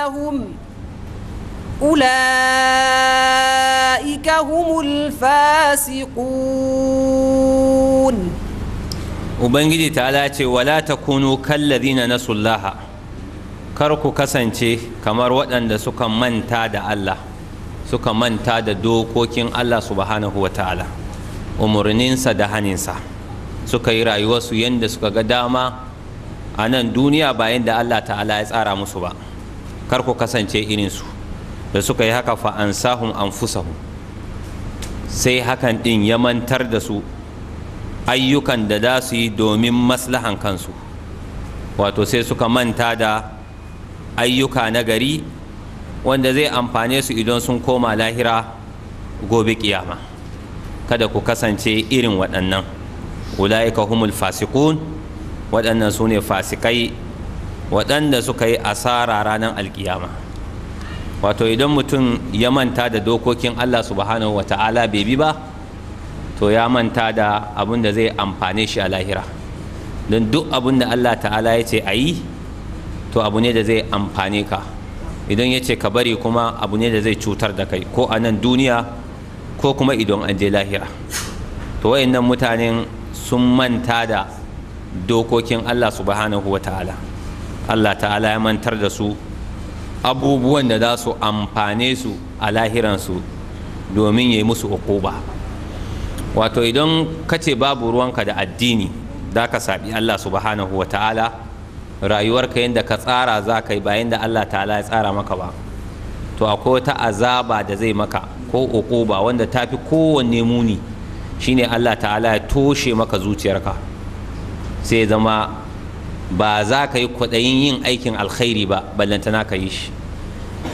لهم أولئك هم الفاسقون Ubangiji ta ce wala ta kunu na Sullaha kar ku kasance kamar waɗanda suka manta da Allah suka manta da dokokin Allah subhanahu ta'ala) umarninsa da haninsa suka yi rayuwarsu yadda suka ga dama a nan duniya bayan da Allah ta'ala ya tsara musu ba kar ku kasance su da suka yi haka an fusahu sai hakan ɗin ya mantar da su ayyukan da za su yi domin maslahan kansu wato sai suka manta da ayyuka na gari wanda zai amfane su idan sun koma lahira gobe kiyama kada ku kasance irin waɗannan ula'ika humul fasikun waɗannan su ne fasikai waɗanda suka yi asara ranar alkiyama wato idan mutum ya manta da dokokin allah subhanahu wa ta'ala bai bi ba to ya manta da abin da zai amfane shi a lahira don duk abin da allah ta'ala ya ce a yi to abu ne da zai amfane ka idan ya ce ka bari kuma abu ne da zai cutar da kai ko a nan duniya ko kuma idon an je lahira to wayannan mutanen sun manta da dokokin allah subhanahu wa ta'ala Allah ta'ala ya mantar da su abubuwan da za su amfane su a lahiransu domin ya yi musu uquba wato idan ka ce babu ruwanka da addini za ka saɓi Allah subhanahu wa ta'ala rayuwarka yadda ka tsara za ka yi bayan da Allah ta'ala ya tsara maka ba to akwai wata azaba da zai maka ko uquba wanda ta fi kowanne muni shine Allah ta'ala ya toshe maka zuciyarka sai zama ba za ka yi kwaɗayin yin aikin alkhairi ba ballantana ka yi shi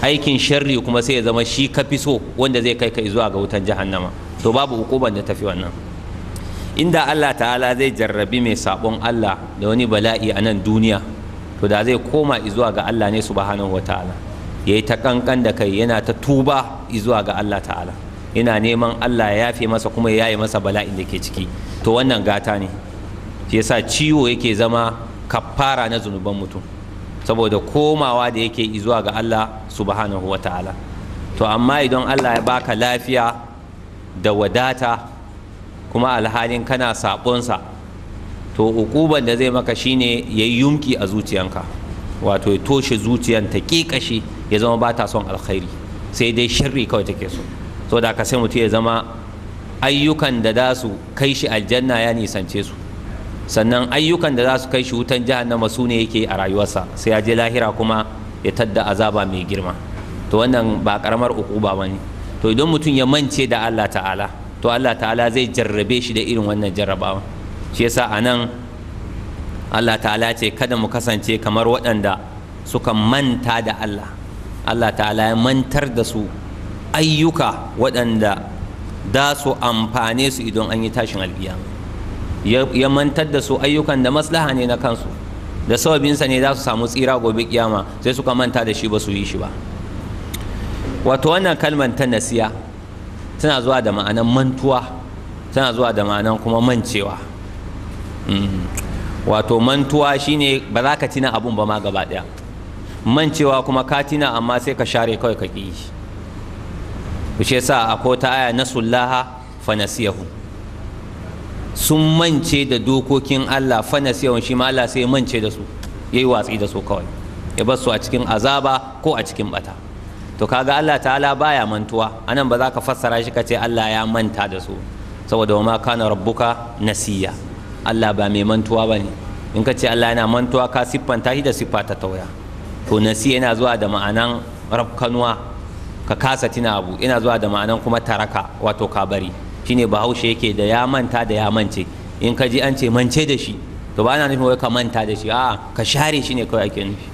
aikin sharri kuma sai ya zama shi ka fi so wanda zai kai ka zuwa ga wutan jahannama to babu hukuban da tafi wannan inda Allah ta'ala zai jarrabi mai sabon Allah da wani bala'i a nan duniya to da zai koma zuwa ga Allah ne subhanahu wa ta'ala Ya yi ta kankan da kai yana ta tuba zuwa ga Allah ta'ala yana neman Allah ya yafe masa kuma ya yi masa bala'in da ke ciki to wannan gata ne shi yasa ciwo yake zama kafara na zunuban mutum saboda komawa da yake zuwa ga Allah subhanahu wa ta'ala to amma idan Allah ya baka lafiya da wadata kuma alhalin kana sabonsa to ukuban da zai maka shine ya yumki a zuciyanka wato ya toshe zuciyan ta kikashi ya zama ba ta son alkhairi sai dai shirri kawai take so da ka sai mutum ya zama ayyukan da za su kai shi aljanna ya nisance su sannan ayyukan da za su kai shi wutan na masu ne yake a rayuwarsa sai ya je lahira kuma ya tadda azaba mai girma to wannan ba karamar ukuba ba ne to idan mutum ya mance da Allah ta'ala to Allah ta'ala zai jarrabe shi da irin wannan jarrabawa shi yasa a nan Allah ta'ala ce kada mu kasance kamar waɗanda suka manta da Allah Allah ta'ala ya mantar da su ayyuka waɗanda da su amfane su idan an yi tashin alƙiyama ya mantar da su ayyukan da maslaha ne na kansu da sababinsa ne za su samu tsira gobe kiyama sai suka manta da shi ba su yi shi ba wato wannan kalmar ta nasiya tana zuwa da ma'anan mantuwa tana zuwa da ma'anan kuma mancewa mm. wato mantuwa shine ba za ka tina abun ba ma gaba daya mancewa kuma ka tina amma sai ka share kawai ka ƙi shi yasa akwai ta aya nasullaha fa nasiyahu sun mance da dokokin Allah fanas yawan shi ma Allah sai ya mance da su ya yi watsi da su kawai ya bar su a cikin azaba ko a cikin bata to kaga Allah ta'ala baya mantuwa anan ba za ka fassara shi ka ce Allah ya manta da su saboda wa ma kana rabbuka nasiya Allah ba mai mantuwa ba ne in ka ce Allah yana mantuwa ka siffanta shi da siffa ta tauya to nasiya yana zuwa da ma'anan rabkanuwa ka kasa tina abu yana zuwa da ma'anan kuma taraka wato kabari bari shine bahaushe yake da ya manta da ya mance in ka ji an ce mance da shi to ba na nufin wai ka manta da shi a'a ka share shi ne kawai ake nufi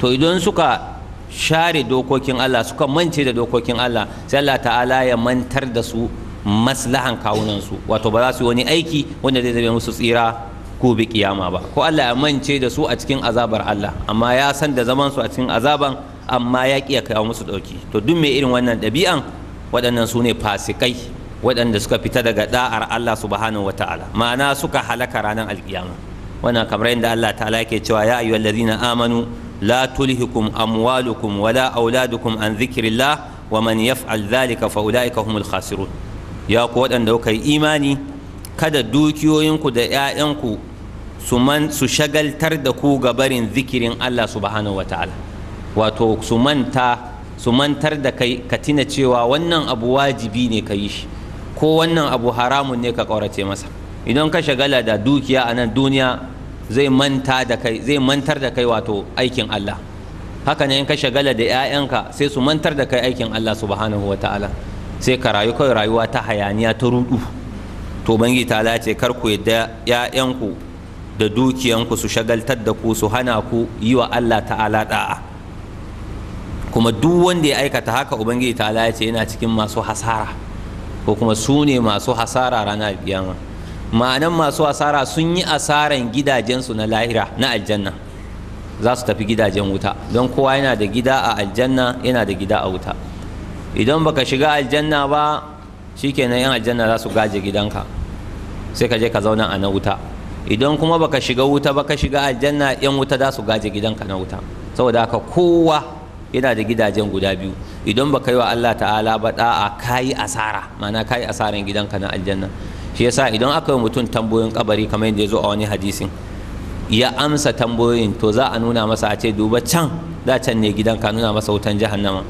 to idan suka share dokokin Allah suka mance da dokokin Allah sai Allah ta'ala ya mantar da su maslahan kawunansu wato ba za su yi wani aiki wanda zai zabe musu tsira ko gobe kiyama ba ko Allah ya mance da su a cikin azabar Allah amma ya san da zaman su a cikin azaban amma ya kiya kawo musu dauki to duk mai irin wannan dabi'an waɗannan su ne fasikai waɗanda suka fita daga da'ar Allah subhanahu ta'ala ma'ana suka halaka ranar alkiyama wannan kamar yadda Allah ta'ala yake cewa ya ayyuhal ladina amanu la tulhikum amwalukum wala auladukum an dhikrillah wa man yaf'al dhalika fa ulaika humul khasirun ya ku waɗanda kuka yi imani kada dukiyoyinku da ƴaƴanku su man su shagaltar da ku ga barin zikirin Allah subhanahu ta'ala wato su manta su mantar da kai ka tina cewa wannan abu wajibi ne ka yi shi ko wannan abu haramun ne ka ƙaurace masa idan ka shagala da dukiya a nan duniya zai manta da kai zai mantar da kai wato aikin Allah haka ne in ka shagala da 'ya'yanka sai su mantar da kai aikin Allah subhanahu ta'ala sai ka rayu kai rayuwa ta hayaniya ta rudu to bangi ta ce kar ku yadda 'ya'yanku da dukiyanku su shagaltar da ku su hana ku yi wa Allah ta'ala da'a kuma duk wanda ya aikata haka ubangiji ta ce yana cikin masu hasara ko kuma su ne masu hasara ranar kiyama ma'anan masu hasara sun yi asaran gidajensu na lahira na aljanna za su tafi gidajen wuta don kowa yana da gida a aljanna yana da gida a wuta idan baka shiga aljanna ba shikenan yan aljanna za su gaje gidanka sai ka je ka zauna a na wuta idan kuma baka shiga wuta ba ka shiga aljanna yan wuta za su gaje gidanka na wuta saboda haka kowa yana da gidajen guda biyu idan ba kai wa Allah ta'ala ba da'a kayi asara ma'ana kayi asaran gidanka na aljanna shi yasa idan aka yi mutum tambayoyin kabari kamar yadda ya zo a wani hadisin ya amsa tambayoyin to za a nuna masa a ce duba can da can ne gidanka nuna masa wutan jahannama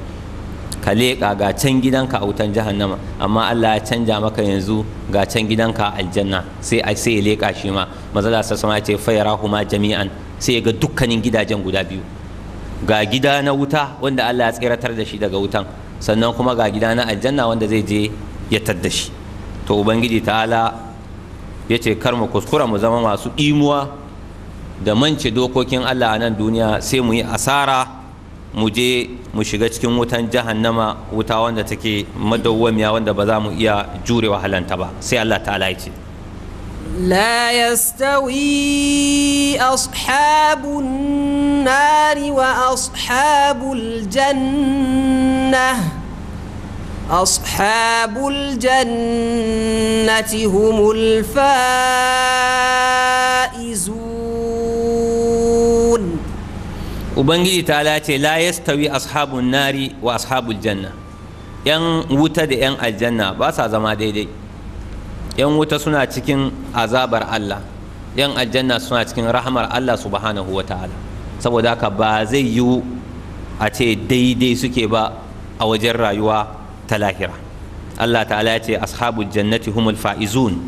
ka leƙa ga can gidanka a wutan jahannama amma Allah ya canja maka yanzu ga can gidanka aljanna sai a sai ya leƙa shi ma Mazalasa sama ya ce ma jami'an sai ya ga dukkanin gidajen guda biyu ga gida na wuta wanda Allah ya tsiratar da shi daga wutan sannan kuma ga gida na aljanna wanda zai je ya tadda shi to ubangiji ta'ala ya ce kar mu kuskura mu zama masu imuwa da mance dokokin Allah a nan duniya sai mu yi asara mu je mu shiga cikin wutan jahannama wuta wanda take madawwamiya wanda ba za mu iya jure wahalanta ba sai Allah ta'ala ya ce لا يستوي أصحاب النار النار وأصحاب الجنة أصحاب الجنة هم الفائزون Ubangiji ta lace la yastawi ashabun nari wa ashabul janna ‘yan wuta da ‘yan aljanna ba sa zama daidai ‘yan wuta suna cikin azabar Allah ‘yan aljanna suna cikin rahamar Allah subhanahu wa ta'ala saboda haka ba zai yiwu a ce daidai suke ba a wajen rayuwa ta lahira Allah ta'ala ya ce ashabul jannati humul fa'izun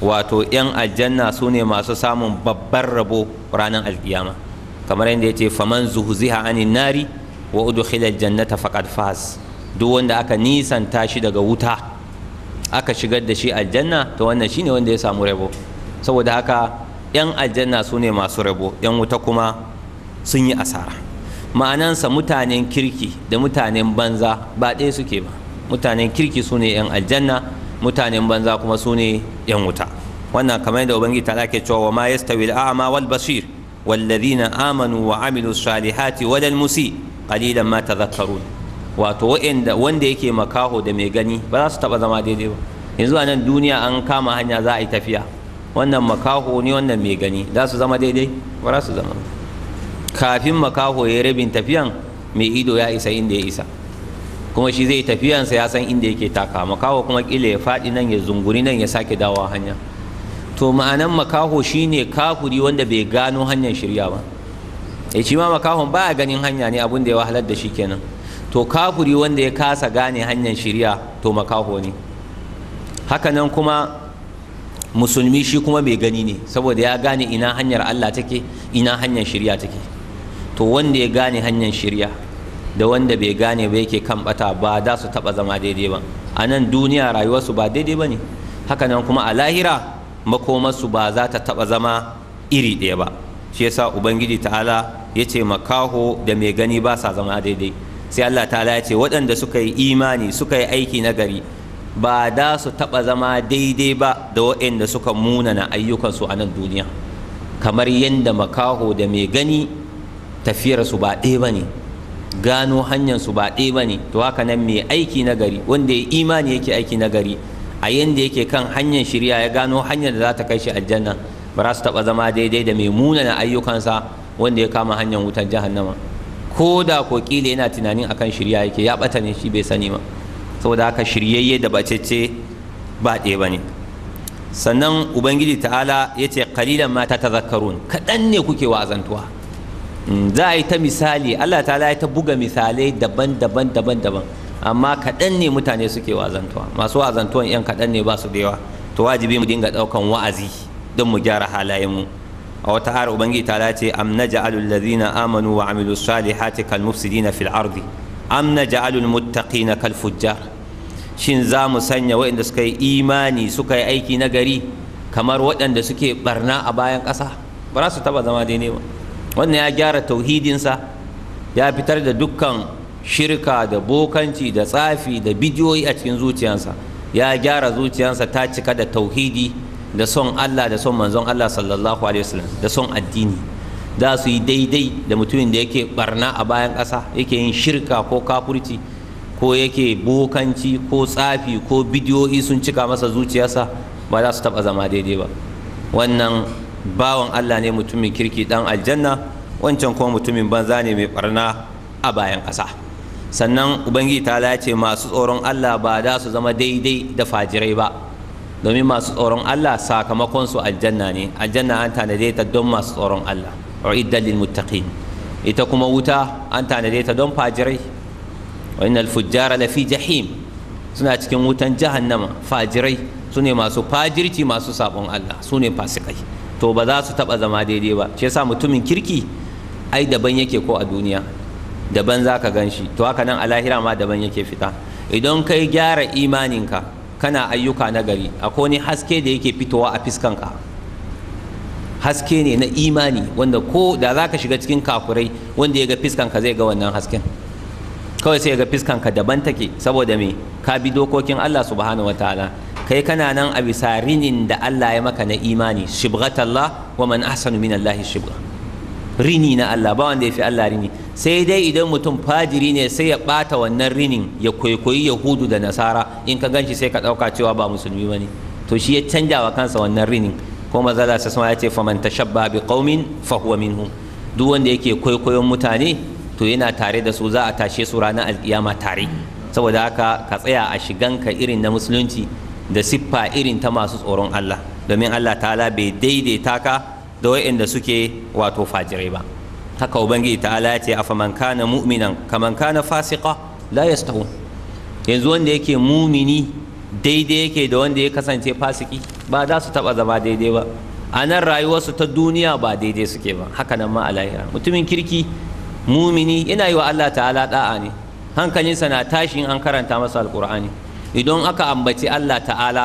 wato 'yan aljanna su ne masu samun babban rabo ranar alkiyama kamar yadda ya ce faman zuhuziha anin nari wa udkhila aljannata faqad faz duk wanda aka nisanta shi daga wuta aka shigar da shi aljanna to wannan shine wanda ya samu rabo saboda haka 'yan aljanna su ne masu rabo 'yan wuta kuma sun yi asara ma'anansa mutanen kirki da mutanen banza ba ɗaya suke ba mutanen kirki su ne 'yan aljanna mutanen banza kuma su ne 'yan wuta wannan kamar yadda ubangiji ta ke cewa wa ma yastawi al'ama wal basir walladhina amanu wa amilu salihati wal musi qalilan ma tadhakkarun wato wa'anda wanda yake makaho da mai gani ba za su taba zama daidai ba yanzu a nan duniya an kama hanya za a yi tafiya wannan makaho ne wannan mai gani za su zama daidai ba za su zama kafin makaho ya rabin tafiyan mai ido ya isa inda ya isa kuma shi zai tafiyansa ya san inda yake taka makaho kuma kila ya faɗi nan ya zunguri nan ya sake dawo hanya to ma'anan makaho shine kafuri wanda bai gano hanyar shirya ba ya eh, ci ma makahon ba ganin hanya ne abin ya wahalar da shi kenan to kafuri wanda ya kasa gane hanyar shirya to makaho ne hakanan kuma musulmi shi kuma bai gani ne saboda ya gane ina hanyar allah take ina hanyar shirya take to wanda ya gane hanyar shirya da wanda bai gane ba yake kan bata ba za su taba zama daidai ba a nan duniya rayuwarsu ba daidai ba ne hakanan kuma a lahira makomarsu ba za ta taba zama iri ɗaya ba shi yasa ubangiji ta'ala ya ce makaho da mai gani ba sa zama daidai sai allah ta'ala ya ce waɗanda suka yi imani suka yi aiki na gari ba da su taɓa zama daidai ba da waɗanda suka munana ayyukansu a nan duniya kamar yadda makaho da mai gani tafiyar su ba ɗaya ne gano hanyar su ba ɗaya ne to haka nan mai aiki na gari wanda ya imani yake aiki na gari a yanda yake kan hanyar shirya ya gano hanyar da za ta kai shi aljanna ba za su taɓa zama daidai da mai munana ayyukansa wanda ya kama hanyar wutar jahannama ko da ko kila yana tunanin akan shirya yake ya ɓata ne shi bai sani ba saboda haka shiryayye da bacece ba ɗaya ba ne sannan ubangiji ta'ala ya ce kalilan mata ta zakarun kaɗan ne kuke wa'azantuwa za a yi ta misali Allah ta ya ta buga misalai daban-daban daban-daban amma kaɗan ne mutane suke wazantuwa masu wazantuwan 'yan kaɗan ne ba su da yawa to wajibi mu dinga ɗaukan wa'azi don mu gyara mu. a wata har ubangiji ta ce am naj'alul ladina amanu wa amilu salihati kal mufsidina fil ardi am naj'alul muttaqina kal fujjar shin za mu sanya waɗanda suka yi imani suka yi aiki na gari kamar waɗanda suke barna a bayan ƙasa ba za su taba zama daidai ba wannan ya gyara tauhidinsa ya fitar da dukkan shirka da bokanci da tsafi da bidiyoyi a cikin zuciyansa ya gyara zuciyansa ta cika da tauhidi da son Allah da son manzon Allah sallallahu alaihi wasallam da son addini za su yi daidai da mutumin da yake barna a bayan ƙasa yake yin shirka ko kafurci ko yake bokanci ko tsafi ko bidiyoyi sun cika masa zuciyarsa ba za su taɓa zama daidai ba wannan bawan Allah ne mutumin kirki dan aljanna wancan kuma mutumin banza ne mai barna a bayan ƙasa sannan ubangiji ta lace masu tsoron Allah ba da su zama daidai da fajirai ba domin masu tsoron Allah sakamakon su aljanna ne aljanna an tanade ta don masu tsoron Allah uiddat lil muttaqin ita kuma wuta an tanade ta don fajirai wa innal fujjara lafi jahim suna cikin wutan jahannama fajirai su ne masu fajirci masu sabon Allah su ne fasikai to ba za su taɓa zama daidai ba shi yasa mutumin kirki ai daban yake ko a duniya daban za ka gan shi to haka nan a lahira ma daban yake fita idan kai gyara imaninka kana ayyuka na gari akwai wani haske da yake fitowa a fiskanka haske ne na imani wanda ko da za ka shiga cikin kafurai wanda ya ga fiskanka zai ga wannan hasken kawai sai ya ga fiskanka daban take saboda me ka bi dokokin allah subhanahu wataala kai kana nan a bisa rinin da Allah ya maka na imani shibghatallah wa man ahsanu min Allah shibgha rini na Allah ba wanda ya fi Allah rini sai dai idan mutum fajiri ne sai ya bata wannan rinin ya kwaikwayi yahudu da nasara in ka ganshi sai ka dauka cewa ba musulmi bane to shi ya canja wa kansa wannan rinin ko mazala sa sama ya ce faman tashabba bi qaumin fa huwa minhum duk wanda yake kwaikwayon mutane to yana tare da su za a tashe su ranar alkiyama tare saboda haka ka tsaya a shiganka irin na musulunci da siffa irin ta masu tsoron Allah domin Allah ta'ala bai daidaita ka da wa'inda suke wato fajirai ba haka ubangiji ta'ala ya ce afaman kana mu'minan kaman kana fasiqa la yastawun yanzu wanda yake mumini daidai yake da wanda ya kasance fasiki ba za su taba zama daidai ba a nan rayuwarsu ta duniya ba daidai suke ba haka nan ma a lahira mutumin kirki mumini yana yi wa Allah ta'ala da'a ne hankalinsa na in an karanta masa alkur'ani idan aka ambaci Allah ta'ala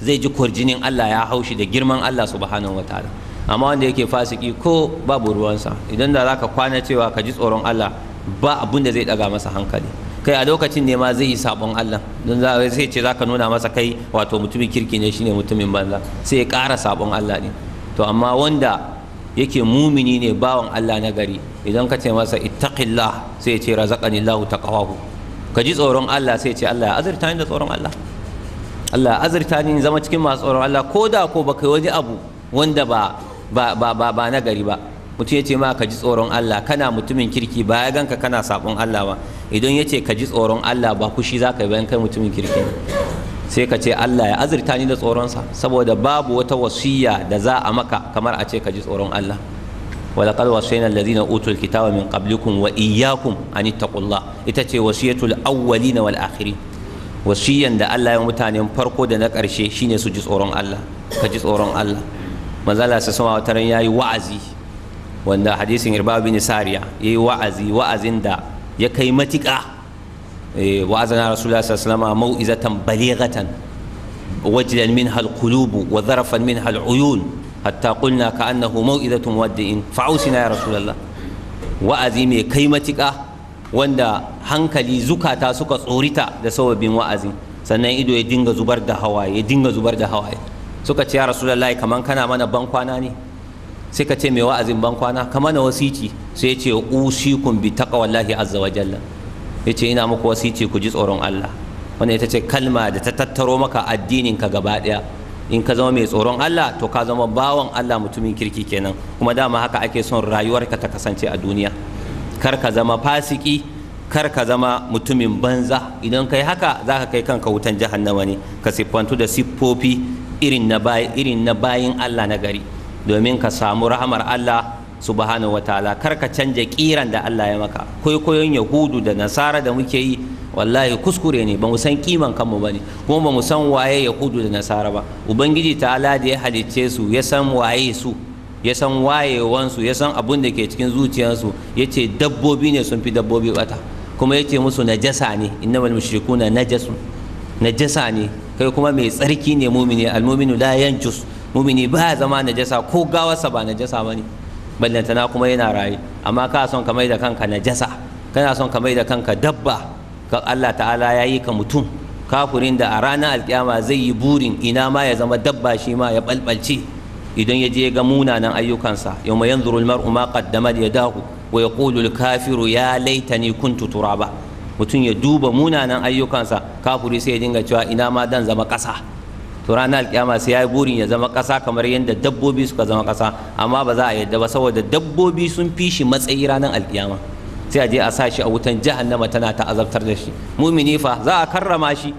zai ji kurjinin Allah ya haushi da girman Allah subhanahu wa ta'ala amma wanda yake fasiki ko babu ruwansa idan da zaka kwana cewa ka ji tsoron Allah ba abun da zai daga masa hankali kai a lokacin ne ma zai yi sabon Allah don za sai ce zaka nuna masa kai wato mutumin kirki ne shine mutumin banza sai ya ƙara sabon Allah ne to amma wanda yake mumini ne bawan Allah na gari idan ka ce masa ittaqillah sai ya ce razaqanillahu taqwahu ka ji tsoron Allah sai ce Allah ya azurta ni da tsoron Allah Allah ya azurta ni in zama cikin masu tsoron Allah ko da ko baka yi wani abu wanda ba ba ba ba, ba na gari ba mutum ya ce ma ka ji tsoron Allah kana mutumin kirki ba ya ganka kana sabon Allah ba idan ya ce ka ji tsoron Allah ba kushi za ka yi bayan kai mutumin kirki sai ka ce Allah ya azurta ni da tsoronsa saboda babu wata wasiya da za a maka kamar a ce ka ji tsoron Allah ولقد وصينا الذين أوتوا الكتاب من قبلكم وإياكم أن اتقوا الله إتتي وصية الأولين والآخرين وصيا دا الله يوم تاني فرقو دا نك أرشي شيني سجس أوران الله كجس أوران الله مازال سسمع وترن ياي وعزي وأن حديث إرباب بن سارية يي وعزي وعزين دا يكي متكا وعزنا رسول الله صلى الله عليه وسلم موئزة بليغة وجلا منها القلوب وذرفا منها العيون hatta qulna ka wadda in. Fa'usi na ya rasulullah wa'azi mai kai matuƙa wanda hankali zukata suka tsorita da sababin wa'azi sannan ido ya dinga zubar da hawaye ya dinga zubar da hawaye suka ce ya rasulullah kaman kana mana ban kwana ne sai ka ce mai wa'azin ban kwana kamar na wasici sai ya ce kun bi taqwallahi azza wa jalla ya ce ina muku wasici ku ji tsoron Allah wannan ita ce kalma da ta tattaro maka addinin ka gaba ɗaya in ka zama mai tsoron Allah to ka zama bawan Allah mutumin kirki kenan kuma dama haka ake son rayuwarka ta kasance a duniya kar ka zama fasiki kar ka zama mutumin banza idan kai haka za ka kai kanka wutan jahannama ne ka siffantu da siffofi irin na irin na bayin Allah na gari domin ka samu rahamar Allah subhanahu wataala kar ka canja kiran da Allah ya maka kwaikwayon yahudu da nasara da muke yi wallahi kuskure ne ba mu san kiman kanmu ba ne kuma ba mu san waye yahudu da nasara ba ubangiji ala da ya halicce su ya san waye su ya san wayewansu ya san abun da ke cikin zuciyarsu ya ce dabbobi ne sun fi dabbobi bata kuma ya ce musu najasa ne wal mushrikuna na najasa ne kai kuma mai tsarki ne mumini almuminu la yanjus mumini ba zama najasa ko gawarsa ba najasa bane ballantana kuma yana raye amma ka son ka mai da kanka najasa kana son ka mai da kanka dabba ka Allah ta'ala ya yi ka mutum kafirin da a ranar alkiyama zai yi burin ina ma ya zama dabba shi ma ya balbalce idan ya je ga munanan ayyukansa yawma yanzuru almar'u ma qaddamat yadahu wa yaqulu kafiru ya laitani kuntu turaba mutum ya duba munanan ayyukansa kafiri sai ya dinga cewa ina ma dan zama kasa to ranar alkiyama sai ya yi burin ya zama ƙasa kamar yadda dabbobi suka zama ƙasa amma ba za a yadda ba saboda dabbobi sun fi shi matsayi ranar alkiyama sai a je a sa shi a wutan jahannama tana ta azabtar da shi mumini fa za a karrama shi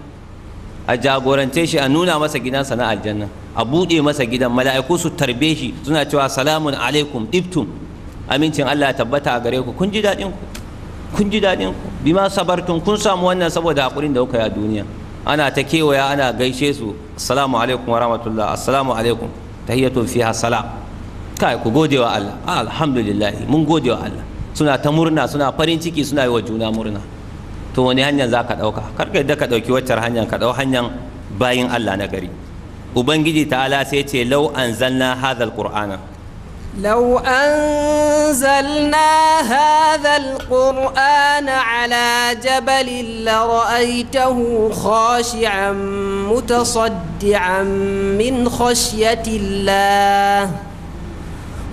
a jagorance shi a nuna masa gidan sana aljanna a buɗe masa gidan mala'iku su tarbe shi suna cewa salamun alaikum ibtum amincin Allah ya tabbata a gare ku kun ji daɗin ku kun ji daɗin ku bima sabartun kun samu wannan saboda hakurin da kuka yi a duniya ana ta kewaya ana gaishe su assalamu alaikum wa rahmatullah assalamu alaikum tahiyyatun fiha salam kai ku gode wa Allah alhamdulillah mun gode wa Allah suna ta murna suna farin ciki suna yi wa juna murna to wani hanyar za ka ɗauka kar ka yadda ka ɗauki waccar hanyar ka ɗau hanyar bayin Allah na gari ubangiji ta'ala sai ce lau anzalna hadhal qur'ana لو أنزلنا هذا القرآن على جبل لرأيته خاشعا متصدعا من خشية الله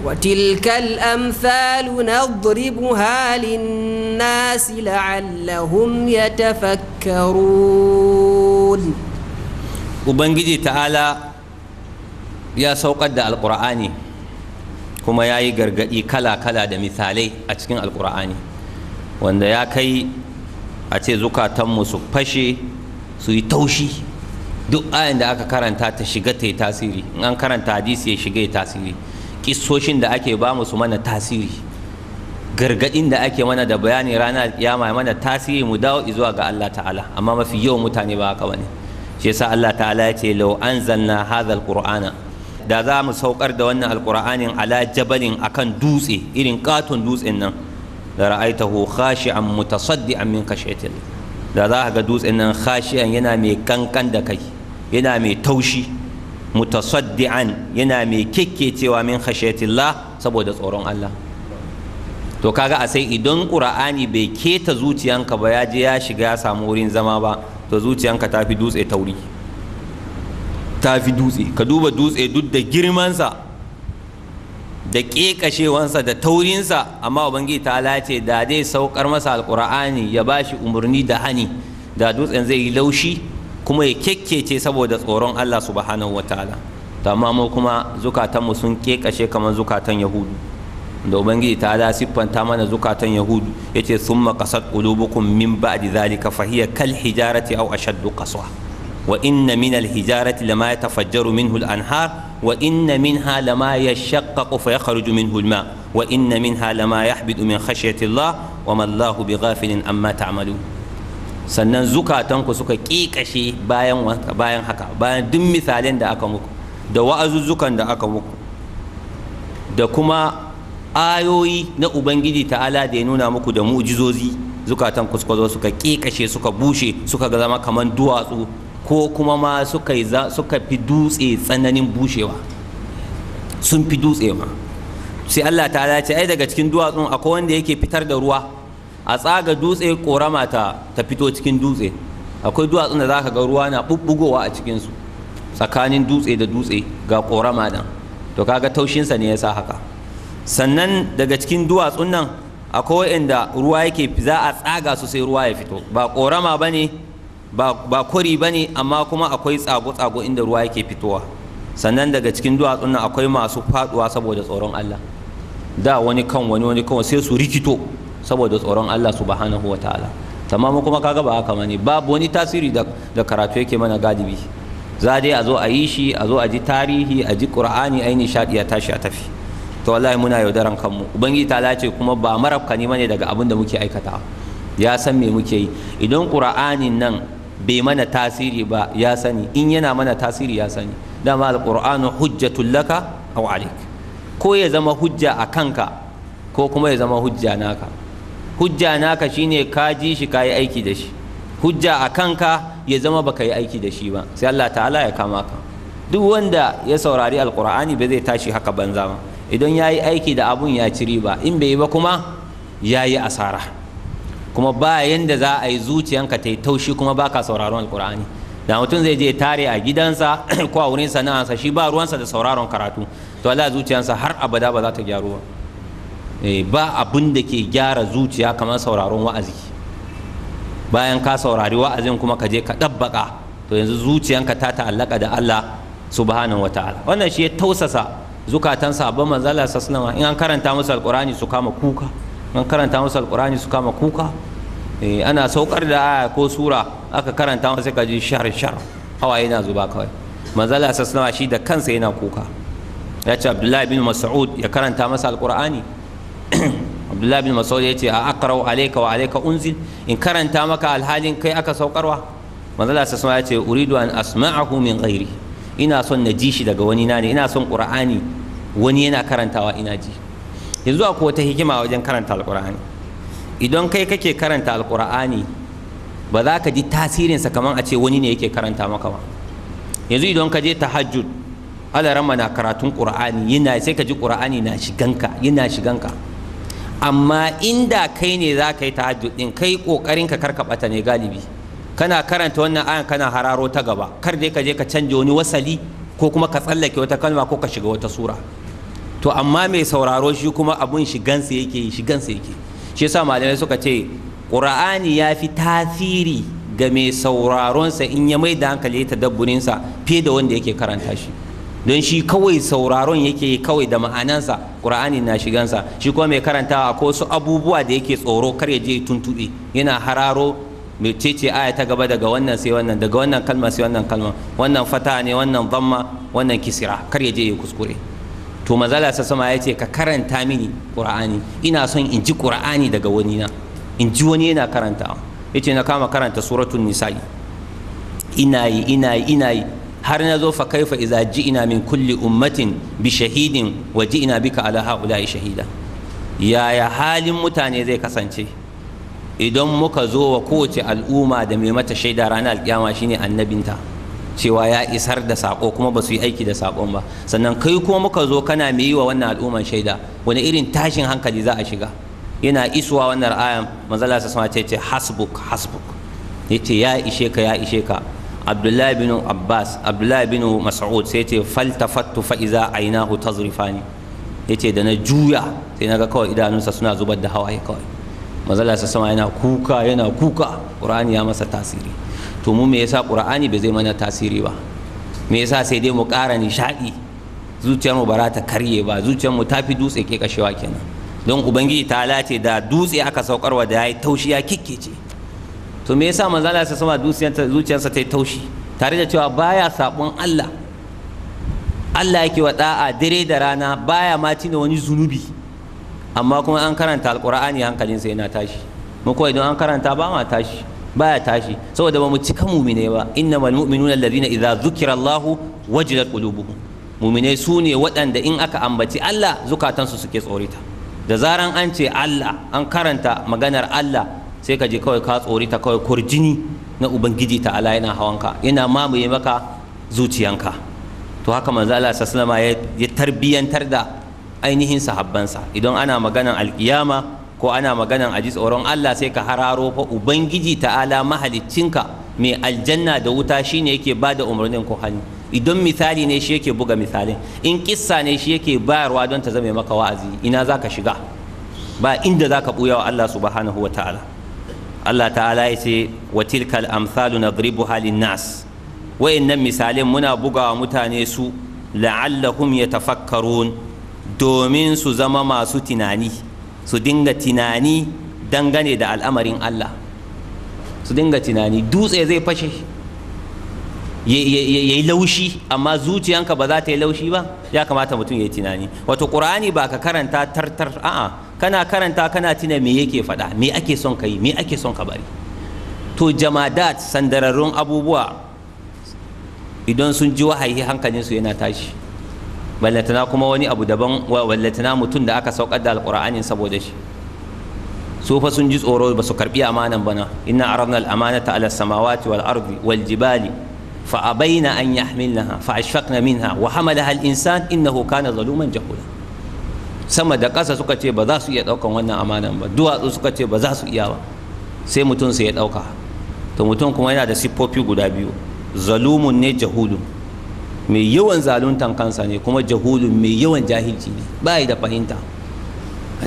وتلك الأمثال نضربها للناس لعلهم يتفكرون Ta'ala ya sauƙar da Alƙur'ani kuma ya yi gargaɗi kala-kala da misalai a cikin alkur'ani wanda ya kai a ce zukatanmu su fashe su yi taushi duk ayan da aka karanta ta shiga ta yi tasiri in an karanta hadisi ya shiga ya tasiri Kisoshin da ake ba su mana tasiri gargadin da ake mana da bayani rana ya kiyama mana tasiri mu dawo zuwa ga Allah ta'ala amma mafi yawan mutane ba haka bane shi yasa Allah ta'ala ya ce law anzalna hadha alqur'ana da za mu saukar da wannan alqur'anin ala jabalin akan dutse irin katon dutsen nan da ra'aitahu khashi'an mutasaddian min khashyati da za ka ga dutsen nan khashi'an yana mai kankan da kai yana mai taushi mutasaddian yana mai kekkecewa min khashiyatillah saboda tsoron Allah to kaga a sai idan qur'ani bai keta zuciyanka ba ya je ya shiga ya samu wurin zama ba to zuciyanka ta fi dutse tauri ta fi dutse ka duba dutse duk da girmansa da ƙeƙashewansa da taurinsa amma ubangiji ta lace da dai saukar masa alqur'ani ya bashi umurni umarni da hani da dutsen zai yi laushi kuma ya kekkece saboda tsoron Allah subhanahu wataala to amma mu kuma zukatanmu sun kekashe kamar zukatan yahudu da ubangiji ta da siffanta mana zukatan yahudu yace sun qasat qulubukum min ba'di zalika fahiya kal hijarati au ashaddu qaswa wa inna min al hijarati lama yatafajjaru min hul anhar wa inna ha lama yashaqqaqu fa ya minhu min ma wa inna ha lama yahbidu min khashyati Allah wa ma Allahu bighafilin amma ta'malun sannan zukatanku suka kikashe bayan bayan haka bayan duk misalin da aka muku da wa'azuzzukan da aka muku da kuma ayoyi na ubangiji ta'ala da ya nuna muku da mu'jizozi zukatan ku suka zo suka kikashe suka bushe suka zama kamar duwatsu ko kuma ma suka suka fi dutse tsananin bushewa sun fi dutse sai Allah ta'ala ce ai daga cikin duwatsun akwai wanda yake fitar da ruwa a tsaga dutse korama ta ta fito cikin dutse akwai duwatsun da za ka ga ruwa na bubbugowa a cikin su tsakanin dutse da dutse ga korama nan to kaga taushinsa ne yasa haka sannan daga cikin duwatsun nan akwai inda ruwa yake za a tsaga su sai ruwa ya fito ba korama bane ba kori bane amma kuma akwai tsago tsago inda ruwa yake fitowa sannan daga cikin duwatsun nan akwai masu faduwa saboda tsoron Allah da wani kan wani wani kan sai su rikito saboda tsoron Allah subhanahu wa ta'ala tamamu kuma kaga ba haka mani babu wani tasiri da, da karatu yake mana galibi za dai a zo a yi shi a zo a ji tarihi a ji qur'ani ai nishadi ya tashi a tafi to wallahi muna yaudaran kanmu ubangiji ta lace kuma ba marabka ne mane daga abin da muke aikata ya san me muke yi idan qur'anin nan bai mana tasiri ba ya sani in yana mana tasiri ya sani dama alqur'anu hujjatul laka aw alik ko ya zama hujja a kanka ko kuma ya zama hujja naka hujja naka shine ka ji shi ka yi aiki da shi hujja a kanka ya zama baka yi aiki da shi ba sai Allah ta'ala ya kama ka duk wanda ya saurari alkur'ani ba zai tashi haka banza ba idan ya yi aiki da abun ya ci ba in bai yi ba kuma ya yi asara kuma ba yanda za a yi zuciyanka ta yi taushi kuma baka sauraron alkur'ani da mutum zai je tare a gidansa ko a wurin sana'arsa shi ba ruwansa da sauraron karatu to Allah zuciyansa har abada ba za ta gyaru ba Eh, ba abin da ke gyara zuciya kamar sauraron wa'azi bayan ka saurari wa'azin kuma ka je ka ɗabbaka to yanzu zuciyanka ta ta'allaka da Allah subhanahu wa ta'ala wannan shi ya tausasa zukatan sabon manzala sasnawa in an karanta musu alqur'ani su kama kuka an karanta musu alqur'ani su kama kuka eh, ana saukar da aya ko sura aka karanta musu ka ji shar shar hawaye na zuba kawai manzala sasnawa shi da kansa yana kuka ya ce abdullahi bin mas'ud ya karanta masa alqur'ani abdullahi bin masaud ya ce a akarau alaika wa alaika unzil in karanta maka alhalin kai aka saukarwa manzala sa ya ce uridu an asma'ahu min ghairi ina son na ji shi daga wani na ne ina son qur'ani wani yana karantawa ina ji yanzu akwai wata hikima wajen karanta alqur'ani idan kai kake karanta alqur'ani ba za ka ji tasirinsa kamar a ce wani ne yake karanta maka ba yanzu idan ka je tahajjud alaran na karatun qur'ani yana sai ka ji qur'ani na shiganka yana shiganka amma inda kai ne za ka yi tahajjud din kai kokarin ka karka bata ne galibi kana karanta wannan ayan kana hararo ta gaba kar dai ka je ka canza wani wasali ko kuma ka tsallake wata kalma ko ka shiga wata sura to amma mai sauraro shi kuma abun shigansa yake shigansa yake shi yasa malamai suka ce qur'ani ya fi tasiri ga mai sauraronsa in ya mai da hankali ta sa fiye da wanda yake karanta shi don shi kawai sauraron yake kawai da ma'anansa ƙura'ani na shigansa shi kuma mai karantawa ko su abubuwa da yake tsoro kar ya je tuntuɗe yana hararo mecece aya ta gaba daga wannan sai wannan daga wannan kalma sai wannan kalma wannan fata ne wannan zamma wannan kisira kar ya je ya kuskure to mazala sa sama ya ce ka karanta mini ƙura'ani. ina son in ji ƙura'ani daga wani na in ji wani yana karantawa ya ce na kama karanta suratun nisa'i ina yi ina yi ina yi har na zo fa kaifa idza ji'ina min kulli ummatin bi shahidin wa ji'ina bika ala haula'i shahida yaya halin mutane zai kasance idan muka zo wa kowace al'umma da mai mata shaida ranar alkiyama shine annabinta cewa ya isar da saƙo kuma ba su yi aiki da saƙon ba sannan kai kuma muka zo kana mai yi wa wannan al'umman shaida wani irin tashin hankali za a shiga yana isuwa wannan ayan manzala sa sama ce hasbuk hasbuk yace ya ishe ka ya ishe ka abdullahi bin abbas abdullahi bin mas'ud sai ce faltafattu fa iza ainahu tazrifani yace da na juya sai naga kawai idanunsa suna zubar da hawaye kawai mazala sa sama yana kuka yana kuka qur'ani ya masa tasiri to mu me yasa qur'ani bai zai mana tasiri ba me yasa sai dai mu ƙara nishadi zuciyarmu ba za ta karye ba zuciyarmu ta fi dutse ke kashewa kenan don ubangiji ta lace da dutse aka saukarwa da ya yayi taushiya kikkece to me yasa manzo Allah ya sama dusiyarsa zuciyarsa ta yi taushi tare da cewa baya sabon Allah Allah yake wa da'a dare da rana baya ma tina wani zunubi amma kuma an karanta alqur'ani hankalinsa yana tashi mu kawai don an karanta ba ma tashi baya tashi saboda ba mu cika mumine ba innamal mu'minuna alladhina idza dhukira Allah wajilat qulubuhum mumine su ne waɗanda in aka ambaci Allah zukatansu suke tsorita da zaran an ce Allah an karanta maganar Allah sai ka je kawai ka tsori ta kawai kurjini na ubangiji ta ala yana hawanka yana mamaye maka zuciyanka to haka manzo Allah sallama ya tarbiyantar da ainihin sahabbansa idan ana maganan alkiyama ko ana maganan aji tsoron Allah sai ka hararo fa ubangiji ta'ala ka mai aljanna da wuta shine yake bada umarnin ko hannu idan misali ne shi yake buga misalin in kissa ne shi yake bayarwa don ta zame maka wa'azi ina zaka shiga ba inda zaka buya wa Allah subhanahu wa ta'ala Allah ta'ala ya ce wa tilkal amsalu halin nas wayannan misalin muna bugawa mutane su la'allahum yatafakkarun domin su zama masu tunani su dinga tunani dangane da al'amarin Allah su dinga tunani dutse zai fashe yayi laushi amma zuciyanka ba za ta yi laushi ba ya kamata mutum ya yi tunani wato ƙur'ani ba ka karanta tartar a'a kana karanta kana tuna me yake faɗa me ake son ka yi me ake son ka bari to jamadat sandararrun abubuwa idan sun ji wahayi hankalinsu yana tashi ballatana kuma wani abu daban ballatana mutum da aka saukar da alƙur'anin saboda shi su fa sun ji tsoro ba su karɓi amanan bana inna aradna al-amanata ala samawati wal ardi wal jibali fa abaina an yahmilnaha fa ashfaqna minha wa hamalaha al-insan innahu kana zaluman jahula sama da ƙasa suka ce ba za su iya ɗaukan wannan amanan ba duwatsu suka ce ba za su iya ba sai mutum sai ya ɗauka to mutum kuma yana da siffofi guda biyu zalumun ne jahudun mai yawan zaluntan kansa ne kuma jahudun mai yawan jahilci ne ba da fahimta